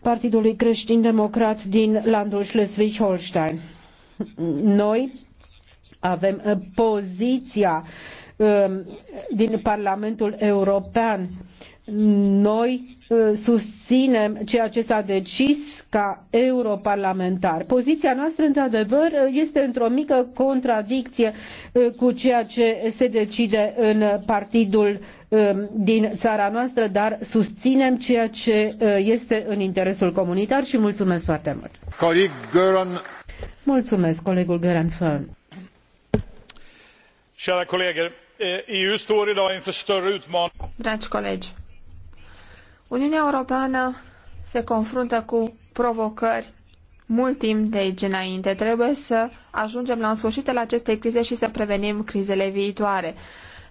Partidului Creștin-Democrat din landul Schleswig-Holstein. Noi avem uh, poziția um, din Parlamentul European noi uh, susținem ceea ce s-a decis ca europarlamentar. Poziția noastră, într-adevăr, uh, este într-o mică contradicție uh, cu ceea ce se decide în partidul um, din țara noastră, dar susținem ceea ce este în interesul comunitar și mulțumesc foarte mult. Mulțumesc, colegul Göran eh, Fön. EU Dragi colegi, Uniunea Europeană se confruntă cu provocări mult timp de aici înainte. Trebuie să ajungem la un sfârșit al acestei crize și să prevenim crizele viitoare.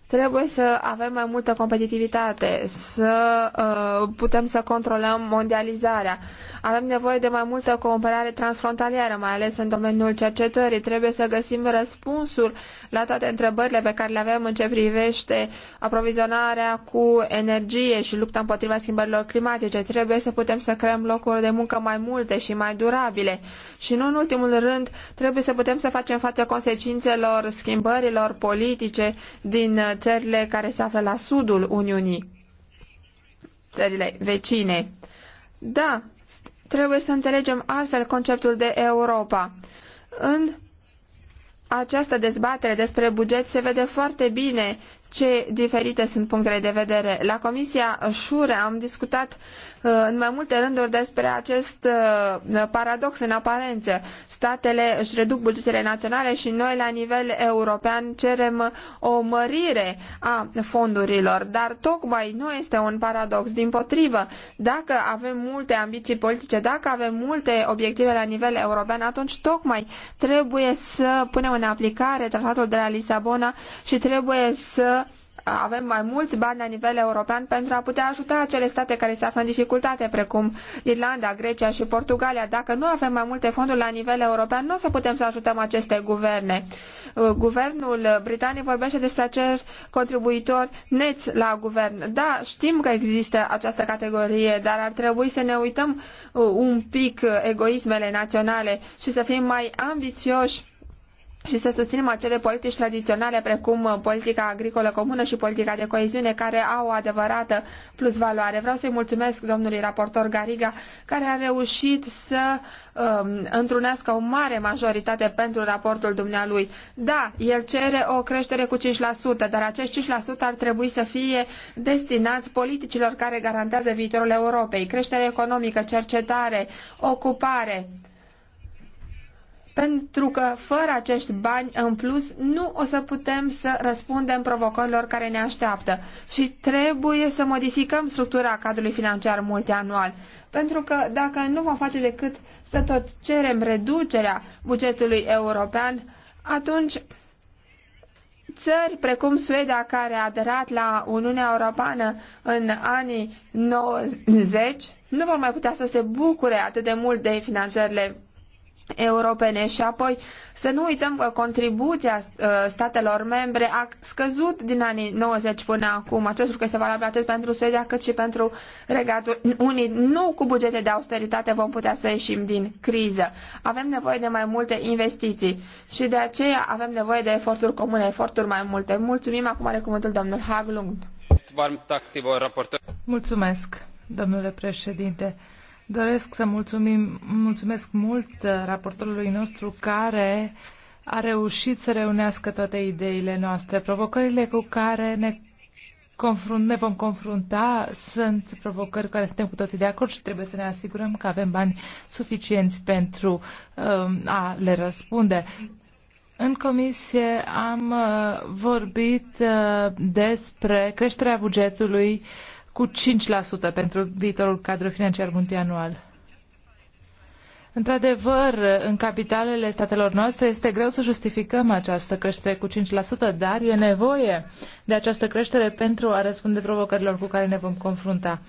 Trebuie să avem mai multă competitivitate, să uh, putem să controlăm mondializarea. Avem nevoie de mai multă cooperare transfrontalieră, mai ales în domeniul cercetării. Trebuie să găsim răspunsul la toate întrebările pe care le avem în ce privește aprovizionarea cu energie și lupta împotriva schimbărilor climatice. Trebuie să putem să creăm locuri de muncă mai multe și mai durabile. Și nu în ultimul rând, trebuie să putem să facem față consecințelor schimbărilor politice din țările care se află la sudul Uniunii, țările vecine. Da, trebuie să înțelegem altfel conceptul de Europa. În această dezbatere despre buget se vede foarte bine ce diferite sunt punctele de vedere. La Comisia Șure am discutat Uh, în mai multe rânduri despre acest uh, paradox în aparență, Statele își reduc bugetele naționale și noi la nivel european cerem o mărire a fondurilor, dar tocmai nu este un paradox. Din potrivă, dacă avem multe ambiții politice, dacă avem multe obiective la nivel european, atunci tocmai trebuie să punem în aplicare tratatul de la Lisabona și trebuie să avem mai mulți bani la nivel european pentru a putea ajuta acele state care se află în dificultate, precum Irlanda, Grecia și Portugalia. Dacă nu avem mai multe fonduri la nivel european, nu o să putem să ajutăm aceste guverne. Uh, guvernul britanic vorbește despre acel contribuitor net la guvern. Da, știm că există această categorie, dar ar trebui să ne uităm uh, un pic uh, egoismele naționale și să fim mai ambițioși și să susținem acele politici tradiționale precum uh, politica agricolă comună și politica de coeziune care au o adevărată plusvaloare. Vreau să-i mulțumesc domnului raportor Gariga care a reușit să um, întrunească o mare majoritate pentru raportul dumnealui. Da, el cere o creștere cu 5%, dar acești 5% ar trebui să fie destinați politicilor care garantează viitorul Europei. Creștere economică, cercetare, ocupare, pentru că fără acești bani în plus nu o să putem să răspundem provocărilor care ne așteaptă și trebuie să modificăm structura cadrului financiar multianual, pentru că dacă nu vom face decât să tot cerem reducerea bugetului european, atunci țări precum Suedia care a aderat la Uniunea Europeană în anii 90 nu vor mai putea să se bucure atât de mult de finanțările europene și apoi să nu uităm că contribuția uh, statelor membre a scăzut din anii 90 până acum. Acest lucru este valabil atât pentru Suedia cât și pentru Regatul Unit. Nu cu bugete de austeritate vom putea să ieșim din criză. Avem nevoie de mai multe investiții și de aceea avem nevoie de eforturi comune, eforturi mai multe. Mulțumim acum are cuvântul domnul Haglund. Mulțumesc, domnule președinte. Doresc să mulțumim, mulțumesc mult uh, raportorului nostru care a reușit să reunească toate ideile noastre. Provocările cu care ne, confrunt, ne vom confrunta sunt provocări cu care suntem cu toții de acord și trebuie să ne asigurăm că avem bani suficienți pentru um, a le răspunde. În comisie am uh, vorbit uh, despre creșterea bugetului uh, cu 5% pentru viitorul cadru financiar multianual. Într-adevăr, în capitalele statelor noastre este greu să justificăm această creștere cu 5%, dar e nevoie de această creștere pentru a răspunde provocărilor cu care ne vom confrunta.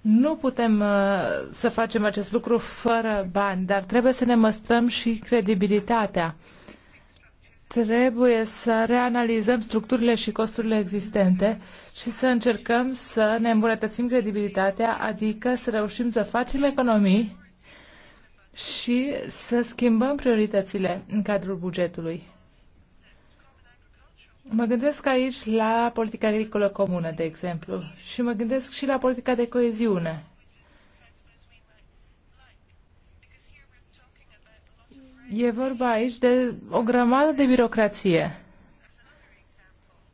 Nu putem uh, să facem acest lucru fără bani, dar trebuie să ne măstrăm și credibilitatea trebuie să reanalizăm structurile și costurile existente și să încercăm să ne îmbunătățim credibilitatea, adică să reușim să facem economii și să schimbăm prioritățile în cadrul bugetului. Mă gândesc aici la politica agricolă comună, de exemplu, și mă gândesc și la politica de coeziune. E vorba aici de o grămadă de birocrație.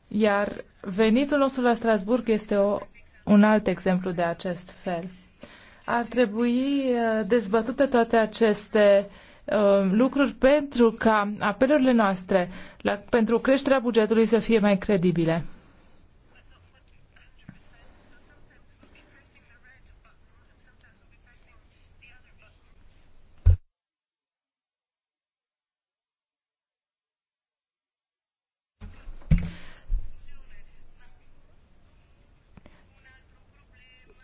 Iar venitul nostru la Strasburg este o, un alt exemplu de acest fel. Ar trebui uh, dezbătute toate aceste uh, lucruri pentru ca apelurile noastre la, pentru creșterea bugetului să fie mai credibile.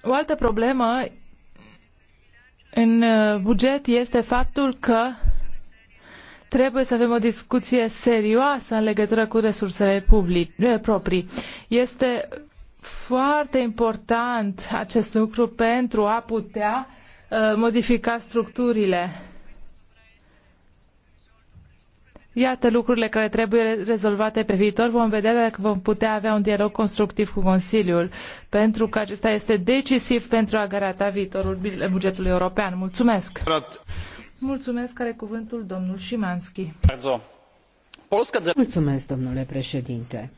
O altă problemă în uh, buget este faptul că trebuie să avem o discuție serioasă în legătură cu resursele public, eh, proprii. Este foarte important acest lucru pentru a putea uh, modifica structurile Iată lucrurile care trebuie rezolvate pe viitor. Vom vedea dacă vom putea avea un dialog constructiv cu Consiliul, pentru că acesta este decisiv pentru a garanta viitorul bugetului european. Mulțumesc! Mulțumesc, care cuvântul domnul Șimanski. Mulțumesc, domnule președinte.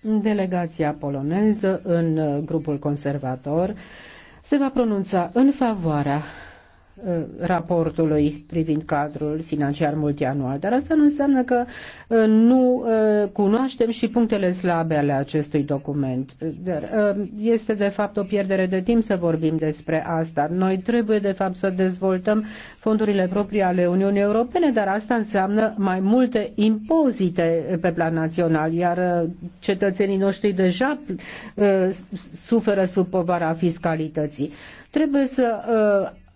Delegația poloneză în uh, grupul conservator se va pronunța în favoarea Uh, raportului privind cadrul financiar multianual. Dar asta nu înseamnă că uh, nu uh, cunoaștem și punctele slabe ale acestui document. Este de fapt o pierdere de timp să vorbim despre asta. Noi trebuie de fapt să dezvoltăm fondurile proprii ale Uniunii Europene, dar asta înseamnă mai multe impozite pe plan național, iar cetățenii noștri deja suferă sub povara fiscalității. Trebuie să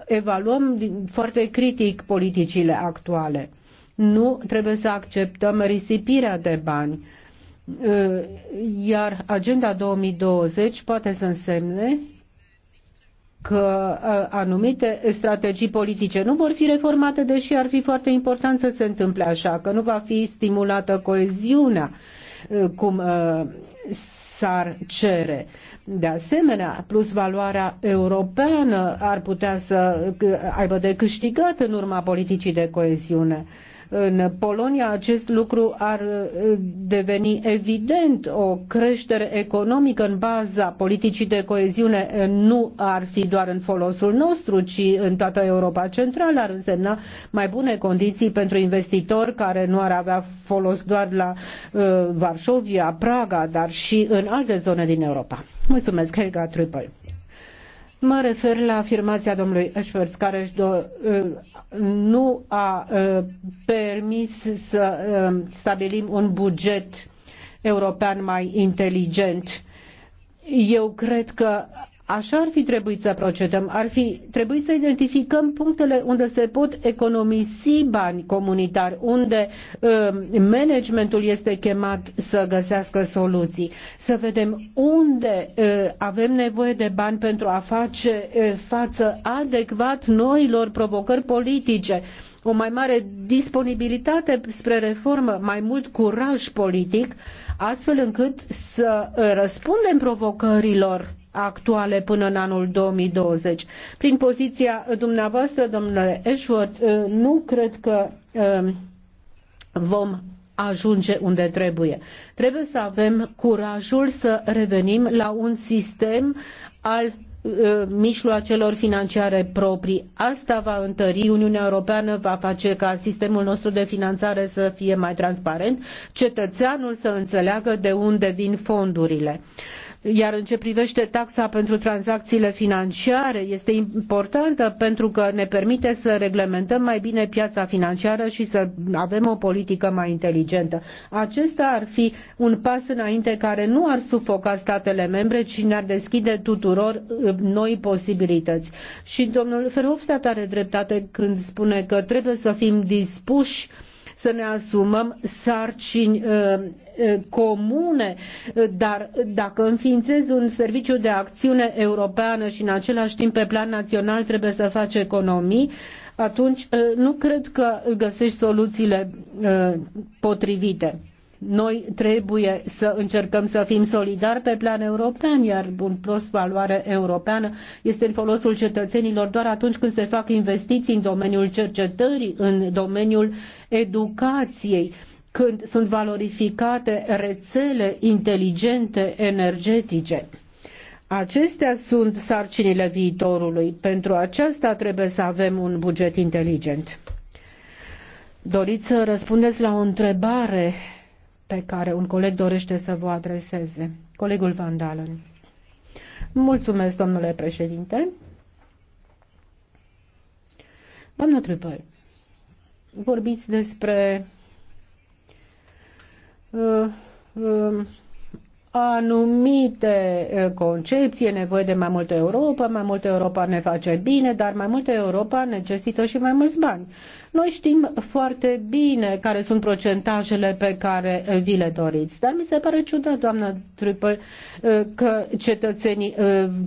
evaluăm foarte critic politicile actuale. Nu trebuie să acceptăm risipirea de bani. Uh, iar agenda 2020 poate să însemne că uh, anumite strategii politice nu vor fi reformate, deși ar fi foarte important să se întâmple așa, că nu va fi stimulată coeziunea uh, cum s-ar cere. De asemenea, plus valoarea europeană ar putea să aibă de câștigat în urma politicii de coeziune. În Polonia acest lucru ar uh, deveni evident. O creștere economică în baza politicii de coeziune uh, nu ar fi doar în folosul nostru, ci în toată Europa Centrală ar însemna mai bune condiții pentru investitori care nu ar avea folos doar la uh, Varșovia, Praga, dar și în alte zone din Europa. Mulțumesc, Helga Trüppel. Mă refer la afirmația domnului Ashworth, care nu a uh, permis să uh, stabilim un buget european mai inteligent. Eu cred că Așa ar fi trebuit să procedăm. Ar fi trebuit să identificăm punctele unde se pot economisi bani comunitari, unde uh, managementul este chemat să găsească soluții. Să vedem unde uh, avem nevoie de bani pentru a face uh, față adecvat noilor provocări politice. O mai mare disponibilitate spre reformă, mai mult curaj politic, astfel încât să uh, răspundem provocărilor actuale până în anul 2020. Prin poziția dumneavoastră, domnule Eșuot, uh, nu cred că um, vom ajunge unde trebuie. Trebuie să avem curajul să revenim la un sistem al uh, mijloacelor financiare proprii. Asta va întări Uniunea Europeană, va face ca sistemul nostru de finanțare să fie mai transparent, cetățeanul să înțeleagă de unde vin fondurile. Uh, iar în ce privește taxa pentru tranzacțiile financiare, este importantă pentru că ne permite să reglementăm mai bine piața financiară și să avem o politică mai inteligentă. Acesta ar fi un pas înainte care nu ar sufoca statele membre, ci ne-ar deschide tuturor uh, noi posibilități. Și domnul Verhofstadt are dreptate când spune că trebuie să fim dispuși să ne asumăm sarcini uh, uh, comune, uh, dar dacă înființez un serviciu de acțiune europeană și în același timp pe plan național trebuie să faci economii, atunci nu cred că găsești soluțiile potrivite. Noi trebuie să încercăm să fim solidari pe plan european, iar un plus valoare europeană este în folosul cetățenilor doar atunci când se fac investiții în domeniul cercetării, în domeniul educației, când sunt valorificate rețele inteligente energetice. Acestea sunt sarcinile viitorului. Pentru aceasta trebuie să avem un buget inteligent. Doriți să răspundeți la o întrebare pe care un coleg dorește să vă adreseze. Colegul Van Dalen. Mulțumesc, domnule președinte. Doamna Trupel, vorbiți despre uh, uh, anumite eh, concepții, nevoie de mai multă Europa, mai multă Europa ne face bine, dar mai multă Europa necesită și mai mulți bani. Noi știm foarte bine care sunt procentajele pe care eh, vi le doriți, dar mi se pare ciudat, doamnă Trupel, eh, că cetățenii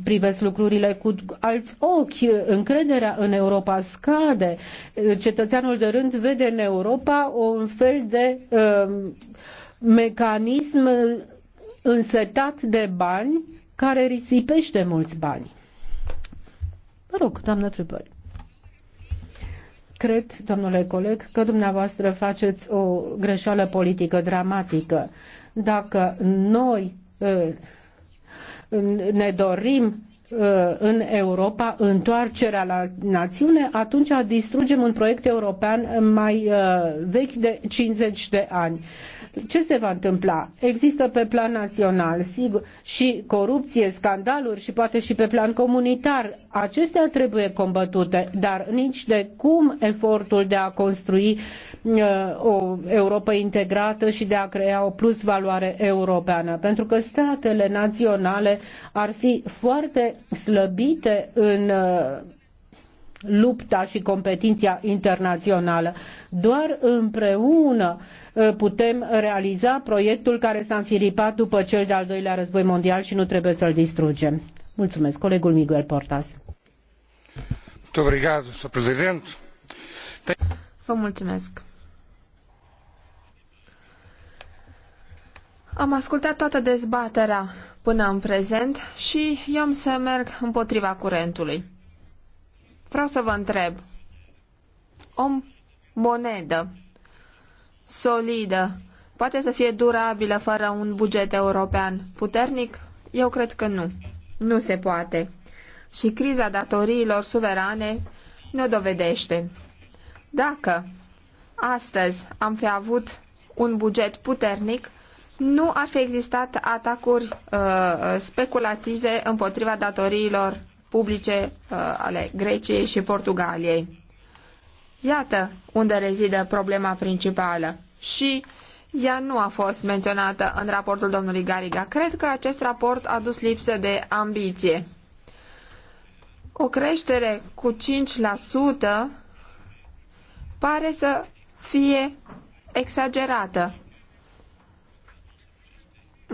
privesc lucrurile cu alți ochi, încrederea în Europa scade, cetățeanul de rând vede în Europa un fel de mecanism însetat de bani care risipește mulți bani. Vă rog, doamnă Trupări. Cred, domnule coleg, că dumneavoastră faceți o greșeală politică dramatică. Dacă noi uh, ne dorim uh, în Europa întoarcerea la națiune, atunci distrugem un proiect european mai uh, vechi de 50 de ani. Ce se va întâmpla? Există pe plan național, sigur, și corupție, scandaluri și poate și pe plan comunitar. Acestea trebuie combătute, dar nici de cum efortul de a construi uh, o Europa integrată și de a crea o plus valoare europeană, pentru că statele naționale ar fi foarte slăbite în uh, lupta și competiția internațională. Doar împreună uh, putem realiza proiectul care s-a înfiripat după cel de-al doilea război mondial și nu trebuie să-l distrugem. Mulțumesc, colegul Miguel Portas. Vă mulțumesc. Am ascultat toată dezbaterea până în prezent și eu am să merg împotriva curentului. Vreau să vă întreb, o monedă solidă poate să fie durabilă fără un buget european puternic? Eu cred că nu. Nu se poate. Și criza datoriilor suverane ne dovedește. Dacă astăzi am fi avut un buget puternic, nu ar fi existat atacuri uh, speculative împotriva datoriilor publice uh, ale Greciei și Portugaliei. Iată unde rezidă problema principală și ea nu a fost menționată în raportul domnului Gariga. Cred că acest raport a dus lipsă de ambiție. O creștere cu 5% pare să fie exagerată,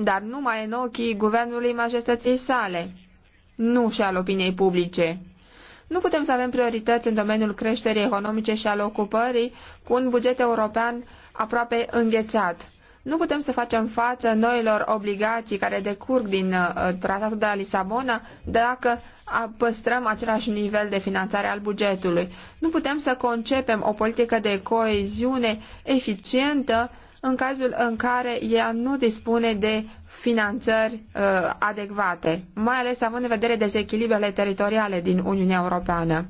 dar numai în ochii guvernului majestății sale nu și al opiniei publice. Nu putem să avem priorități în domeniul creșterii economice și al ocupării cu un buget european aproape înghețat. Nu putem să facem față noilor obligații care decurg din uh, tratatul de la Lisabona dacă păstrăm același nivel de finanțare al bugetului. Nu putem să concepem o politică de coeziune eficientă în cazul în care ea nu dispune de finanțări uh, adecvate, mai ales având în vedere dezechilibrele teritoriale din Uniunea Europeană.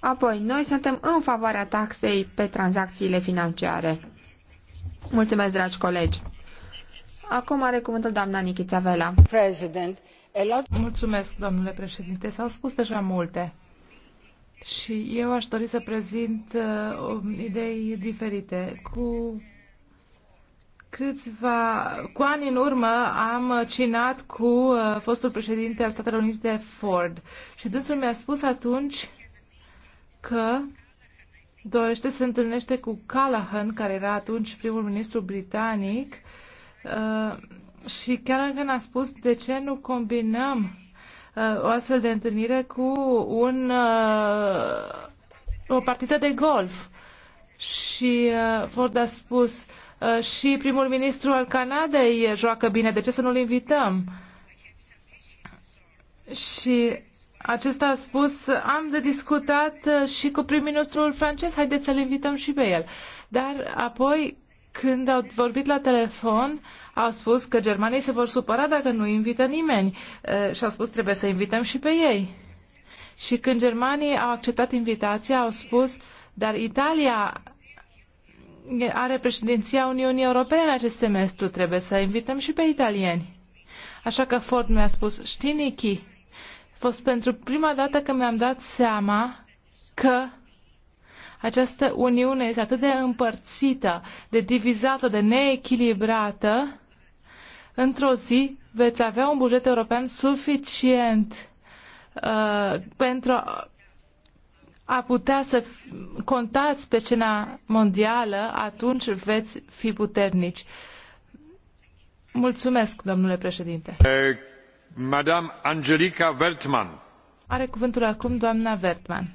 Apoi, noi suntem în favoarea taxei pe tranzacțiile financiare. Mulțumesc, dragi colegi. Acum are cuvântul doamna Nichița Vela. Mulțumesc, domnule președinte. S-au spus deja multe. Și eu aș dori să prezint uh, idei diferite. Cu Câțiva, cu ani în urmă, am cinat cu uh, fostul președinte al Statelor Unite, Ford. Și dânsul mi-a spus atunci că dorește să se întâlnește cu Callahan, care era atunci primul ministru britanic, uh, și Callahan a spus de ce nu combinăm uh, o astfel de întâlnire cu un, o partidă de golf. Și Ford a spus, Uh, și primul ministru al Canadei joacă bine. De ce să nu-l invităm? Și acesta a spus, am de discutat uh, și cu prim-ministrul francez, haideți să-l invităm și pe el. Dar apoi, când au vorbit la telefon, au spus că germanii se vor supăra dacă nu invită nimeni uh, și au spus trebuie să invităm și pe ei. Și când germanii au acceptat invitația, au spus, dar Italia are președinția Uniunii Europene în acest semestru. Trebuie să invităm și pe italieni. Așa că Ford mi-a spus, știi, Nichi, a fost pentru prima dată că mi-am dat seama că această uniune este atât de împărțită, de divizată, de neechilibrată, într-o zi veți avea un buget european suficient uh, pentru a a putea să contați pe scena mondială, atunci veți fi puternici. Mulțumesc, domnule președinte. Eh, Madame Angelica Wertmann. Are cuvântul acum doamna Wertmann.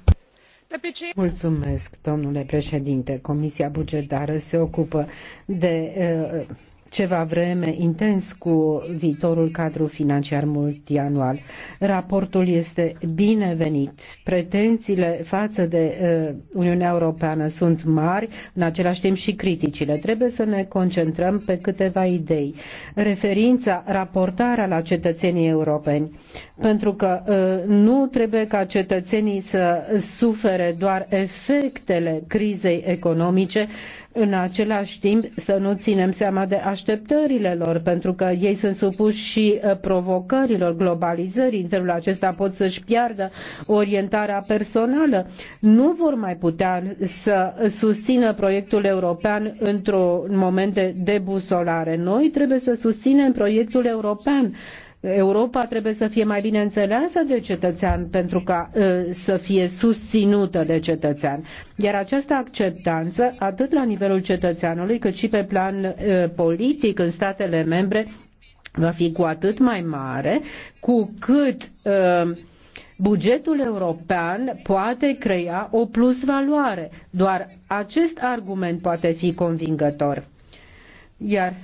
Mulțumesc, domnule președinte. Comisia bugetară se ocupă de uh, ceva vreme intens cu viitorul cadru financiar multianual. Raportul este binevenit. Pretențiile față de uh, Uniunea Europeană sunt mari, în același timp și criticile. Trebuie să ne concentrăm pe câteva idei. Referința, raportarea la cetățenii europeni, pentru că uh, nu trebuie ca cetățenii să sufere doar efectele crizei economice, în același timp să nu ținem seama de așteptările lor, pentru că ei sunt supuși și uh, provocărilor globalizării. În felul acesta pot să-și piardă orientarea personală. Nu vor mai putea să susțină proiectul european într-un moment de debusolare. Noi trebuie să susținem proiectul european Europa trebuie să fie mai bine înțeleasă de cetățean pentru ca ă, să fie susținută de cetățean. Iar această acceptanță, atât la nivelul cetățeanului, cât și pe plan ă, politic în statele membre, va fi cu atât mai mare cu cât ă, bugetul european poate crea o plusvaloare. Doar acest argument poate fi convingător. Iar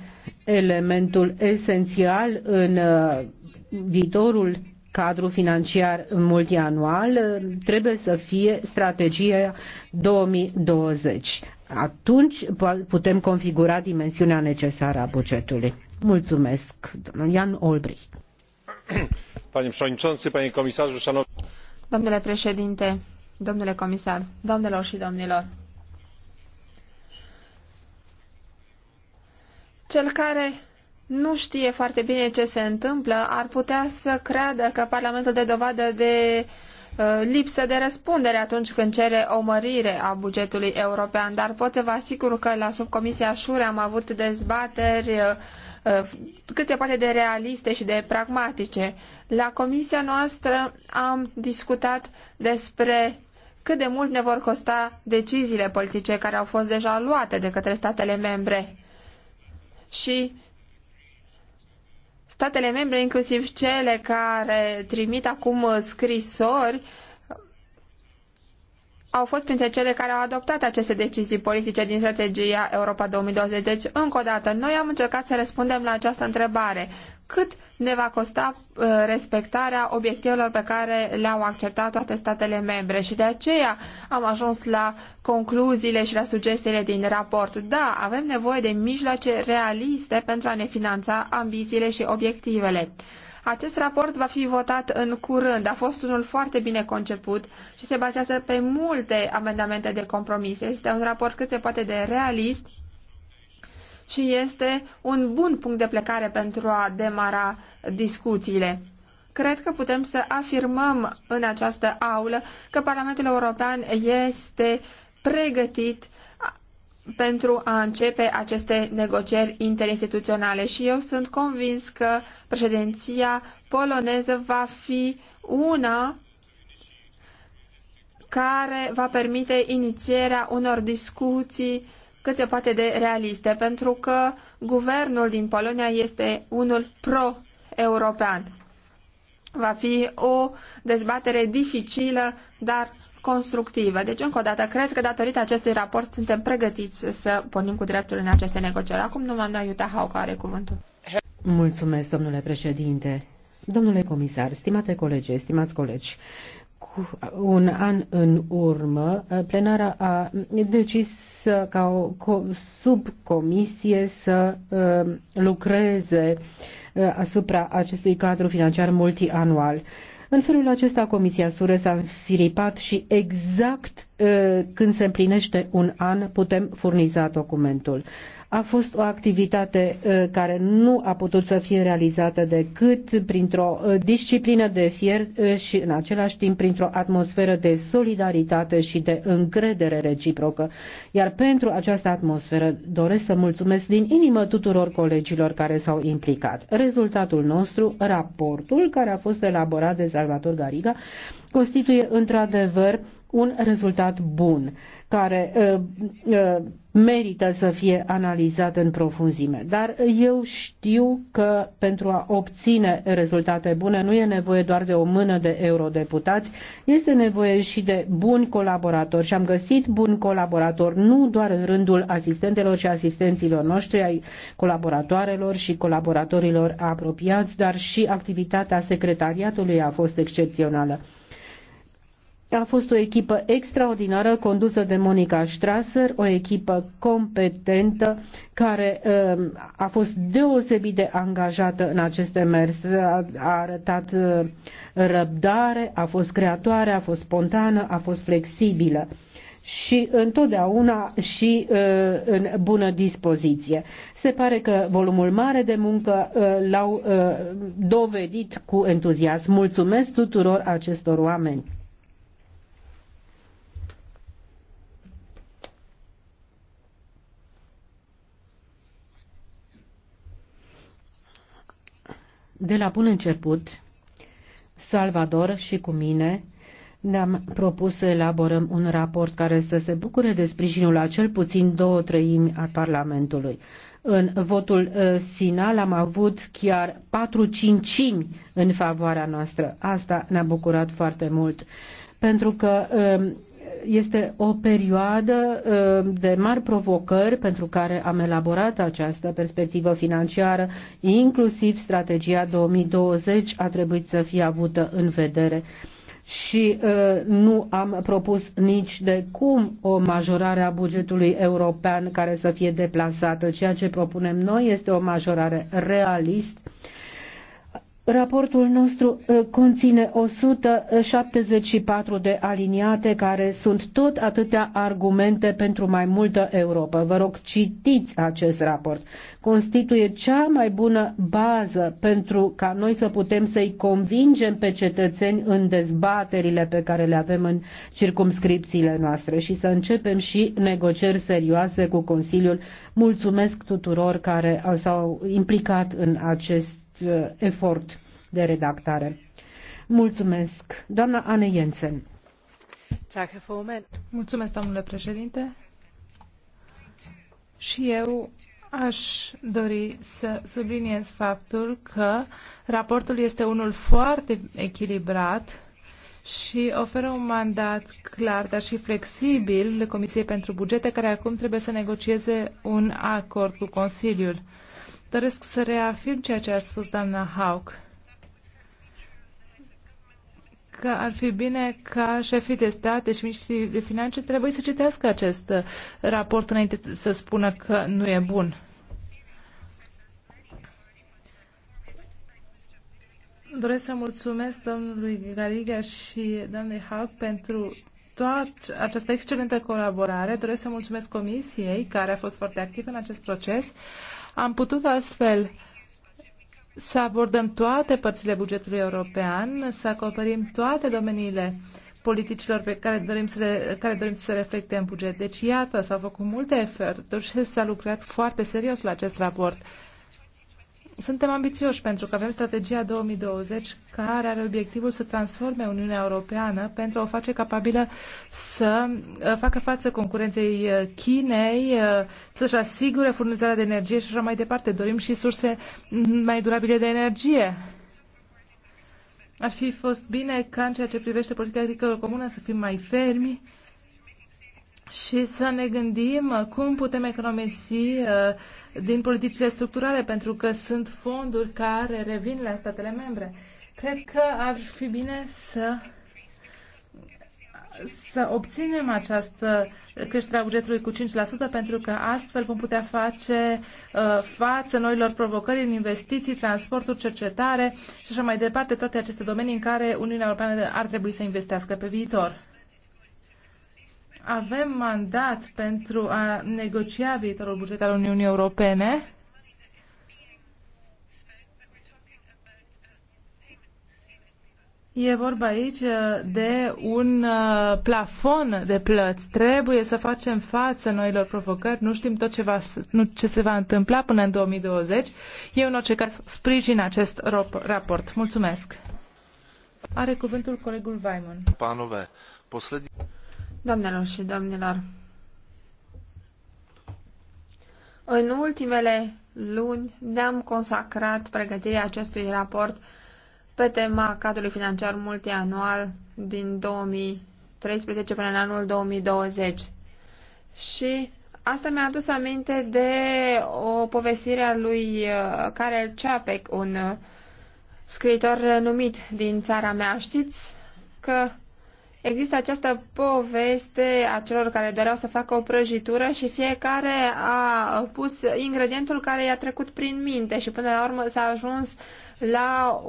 elementul esențial în uh, viitorul cadru financiar multianual trebuie să fie strategia 2020. Atunci putem configura dimensiunea necesară a bugetului. Mulțumesc, domnul Jan Olbricht. *coughs* Panie președinte, panie comisar. Domnule președinte, domnule comisar, domnilor și domnilor, Cel care nu știe foarte bine ce se întâmplă ar putea să creadă că Parlamentul de dovadă de uh, lipsă de răspundere atunci când cere o mărire a bugetului european, dar pot să vă asigur că la subcomisia Șure am avut dezbateri uh, uh, cât se poate de realiste și de pragmatice. La comisia noastră am discutat despre cât de mult ne vor costa deciziile politice care au fost deja luate de către statele membre și statele membre, inclusiv cele care trimit acum scrisori, au fost printre cele care au adoptat aceste decizii politice din strategia Europa 2020. Deci, încă o dată, noi am încercat să răspundem la această întrebare cât ne va costa uh, respectarea obiectivelor pe care le-au acceptat toate statele membre și de aceea am ajuns la concluziile și la sugestiile din raport. Da, avem nevoie de mijloace realiste pentru a ne finanța ambițiile și obiectivele. Acest raport va fi votat în curând. A fost unul foarte bine conceput și se bazează pe multe amendamente de compromis. Este un raport cât se poate de realist și este un bun punct de plecare pentru a demara discuțiile. Cred că putem să afirmăm în această aulă că Parlamentul European este pregătit pentru a începe aceste negocieri interinstituționale și eu sunt convins că președinția poloneză va fi una care va permite inițierea unor discuții cât se poate de realiste, pentru că guvernul din Polonia este unul pro-european. Va fi o dezbatere dificilă, dar constructivă. Deci, încă o dată, cred că datorită acestui raport suntem pregătiți să pornim cu dreptul în aceste negocieri. Acum nu m-am Iuta Hauca are cuvântul. Mulțumesc, domnule președinte. Domnule comisar, stimate colegi, stimați colegi, cu un an în urmă, plenara a decis să, ca o subcomisie să uh, lucreze uh, asupra acestui cadru financiar multianual. În felul acesta, Comisia Sure s-a filipat și exact uh, când se împlinește un an putem furniza documentul a fost o activitate uh, care nu a putut să fie realizată decât printr-o uh, disciplină de fier uh, și în același timp printr-o atmosferă de solidaritate și de încredere reciprocă. Iar pentru această atmosferă doresc să mulțumesc din inimă tuturor colegilor care s-au implicat. Rezultatul nostru, raportul care a fost elaborat de Salvator Gariga, constituie într-adevăr un rezultat bun care uh, uh, merită să fie analizat în profunzime. Dar eu știu că pentru a obține rezultate bune nu e nevoie doar de o mână de eurodeputați, este nevoie și de buni colaboratori și am găsit buni colaboratori nu doar în rândul asistentelor și asistenților noștri, ai colaboratoarelor și colaboratorilor apropiați, dar și activitatea secretariatului a fost excepțională. A fost o echipă extraordinară condusă de Monica Strasser, o echipă competentă care um, a fost deosebit de angajată în acest demers. A, a arătat uh, răbdare, a fost creatoare, a fost spontană, a fost flexibilă și întotdeauna și uh, în bună dispoziție. Se pare că volumul mare de muncă uh, l-au uh, dovedit cu entuziasm. Mulțumesc tuturor acestor oameni. De la bun început, Salvador și cu mine ne-am propus să elaborăm un raport care să se bucure de sprijinul la cel puțin două treimi al Parlamentului. În votul uh, final am avut chiar patru cincimi în favoarea noastră. Asta ne-a bucurat foarte mult, pentru că um, este o perioadă uh, de mari provocări pentru care am elaborat această perspectivă financiară, inclusiv strategia 2020 a trebuit să fie avută în vedere și uh, nu am propus nici de cum o majorare a bugetului european care să fie deplasată. Ceea ce propunem noi este o majorare realist Raportul nostru uh, conține 174 de aliniate care sunt tot atâtea argumente pentru mai multă Europa. Vă rog, citiți acest raport. Constituie cea mai bună bază pentru ca noi să putem să-i convingem pe cetățeni în dezbaterile pe care le avem în circumscripțiile noastre și să începem și negocieri serioase cu Consiliul. Mulțumesc tuturor care s-au implicat în acest Uh, efort de redactare. Mulțumesc. Doamna Anne Jensen. Mulțumesc, domnule președinte. Și eu Aș dori să subliniez faptul că raportul este unul foarte echilibrat și oferă un mandat clar, dar și flexibil Comisiei pentru Bugete, care acum trebuie să negocieze un acord cu Consiliul. Doresc să reafirm ceea ce a spus doamna Hauk, că ar fi bine ca șefii de state și deci miștii de finanțe trebuie să citească acest uh, raport înainte să spună că nu e bun. Doresc să mulțumesc domnului Gariga și doamnei Haug pentru toată această excelentă colaborare. Doresc să mulțumesc comisiei care a fost foarte activă în acest proces. Am putut astfel să abordăm toate părțile bugetului european, să acoperim toate domeniile politicilor pe care dorim să le, care dorim să reflecte în buget. Deci, iată, s-au făcut multe eforturi și s-a lucrat foarte serios la acest raport. Suntem ambițioși pentru că avem strategia 2020 care are obiectivul să transforme Uniunea Europeană pentru a o face capabilă să uh, facă față concurenței uh, Chinei, uh, să-și asigure furnizarea de energie și așa mai departe. Dorim și surse mai durabile de energie. Ar fi fost bine ca în ceea ce privește politica agricolă comună să fim mai fermi și să ne gândim cum putem economisi uh, din politicile structurale, pentru că sunt fonduri care revin la statele membre. Cred că ar fi bine să să obținem această creștere a bugetului cu 5% pentru că astfel vom putea face uh, față noilor provocări în investiții, transporturi, cercetare și așa mai departe, toate aceste domenii în care Uniunea Europeană ar trebui să investească pe viitor avem mandat pentru a negocia viitorul buget al Uniunii Europene. E vorba aici uh, de un uh, plafon de plăți. Trebuie să facem față noilor provocări. Nu știm tot ce, va, nu, ce se va întâmpla până în 2020. Eu, în orice caz, sprijin acest raport. Mulțumesc. Are cuvântul colegul Vaimon. Panove, poslední... Doamnelor și domnilor, în ultimele luni ne-am consacrat pregătirea acestui raport pe tema cadrului financiar multianual din 2013 până în anul 2020. Și asta mi-a adus aminte de o povestire a lui uh, Karel Čapek, un uh, scriitor renumit din țara mea. Știți că Există această poveste a celor care doreau să facă o prăjitură și fiecare a pus ingredientul care i-a trecut prin minte și până la urmă s-a ajuns la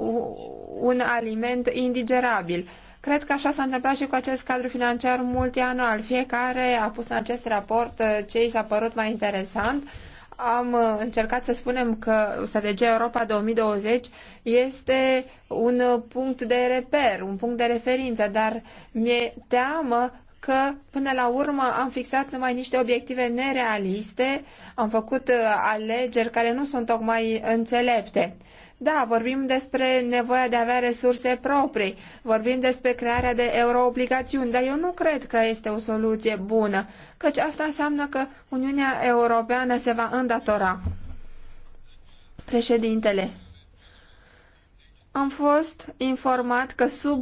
un aliment indigerabil. Cred că așa s-a întâmplat și cu acest cadru financiar multianual. Fiecare a pus în acest raport uh, ce i s-a părut mai interesant am uh, încercat să spunem că strategia Europa 2020 este un uh, punct de reper, un punct de referință, dar mi-e teamă că până la urmă am fixat numai niște obiective nerealiste, am făcut uh, alegeri care nu sunt tocmai înțelepte. Da, vorbim despre nevoia de a avea resurse proprii, vorbim despre crearea de euroobligațiuni, dar eu nu cred că este o soluție bună, căci asta înseamnă că Uniunea Europeană se va îndatora. Președintele, am fost informat că sub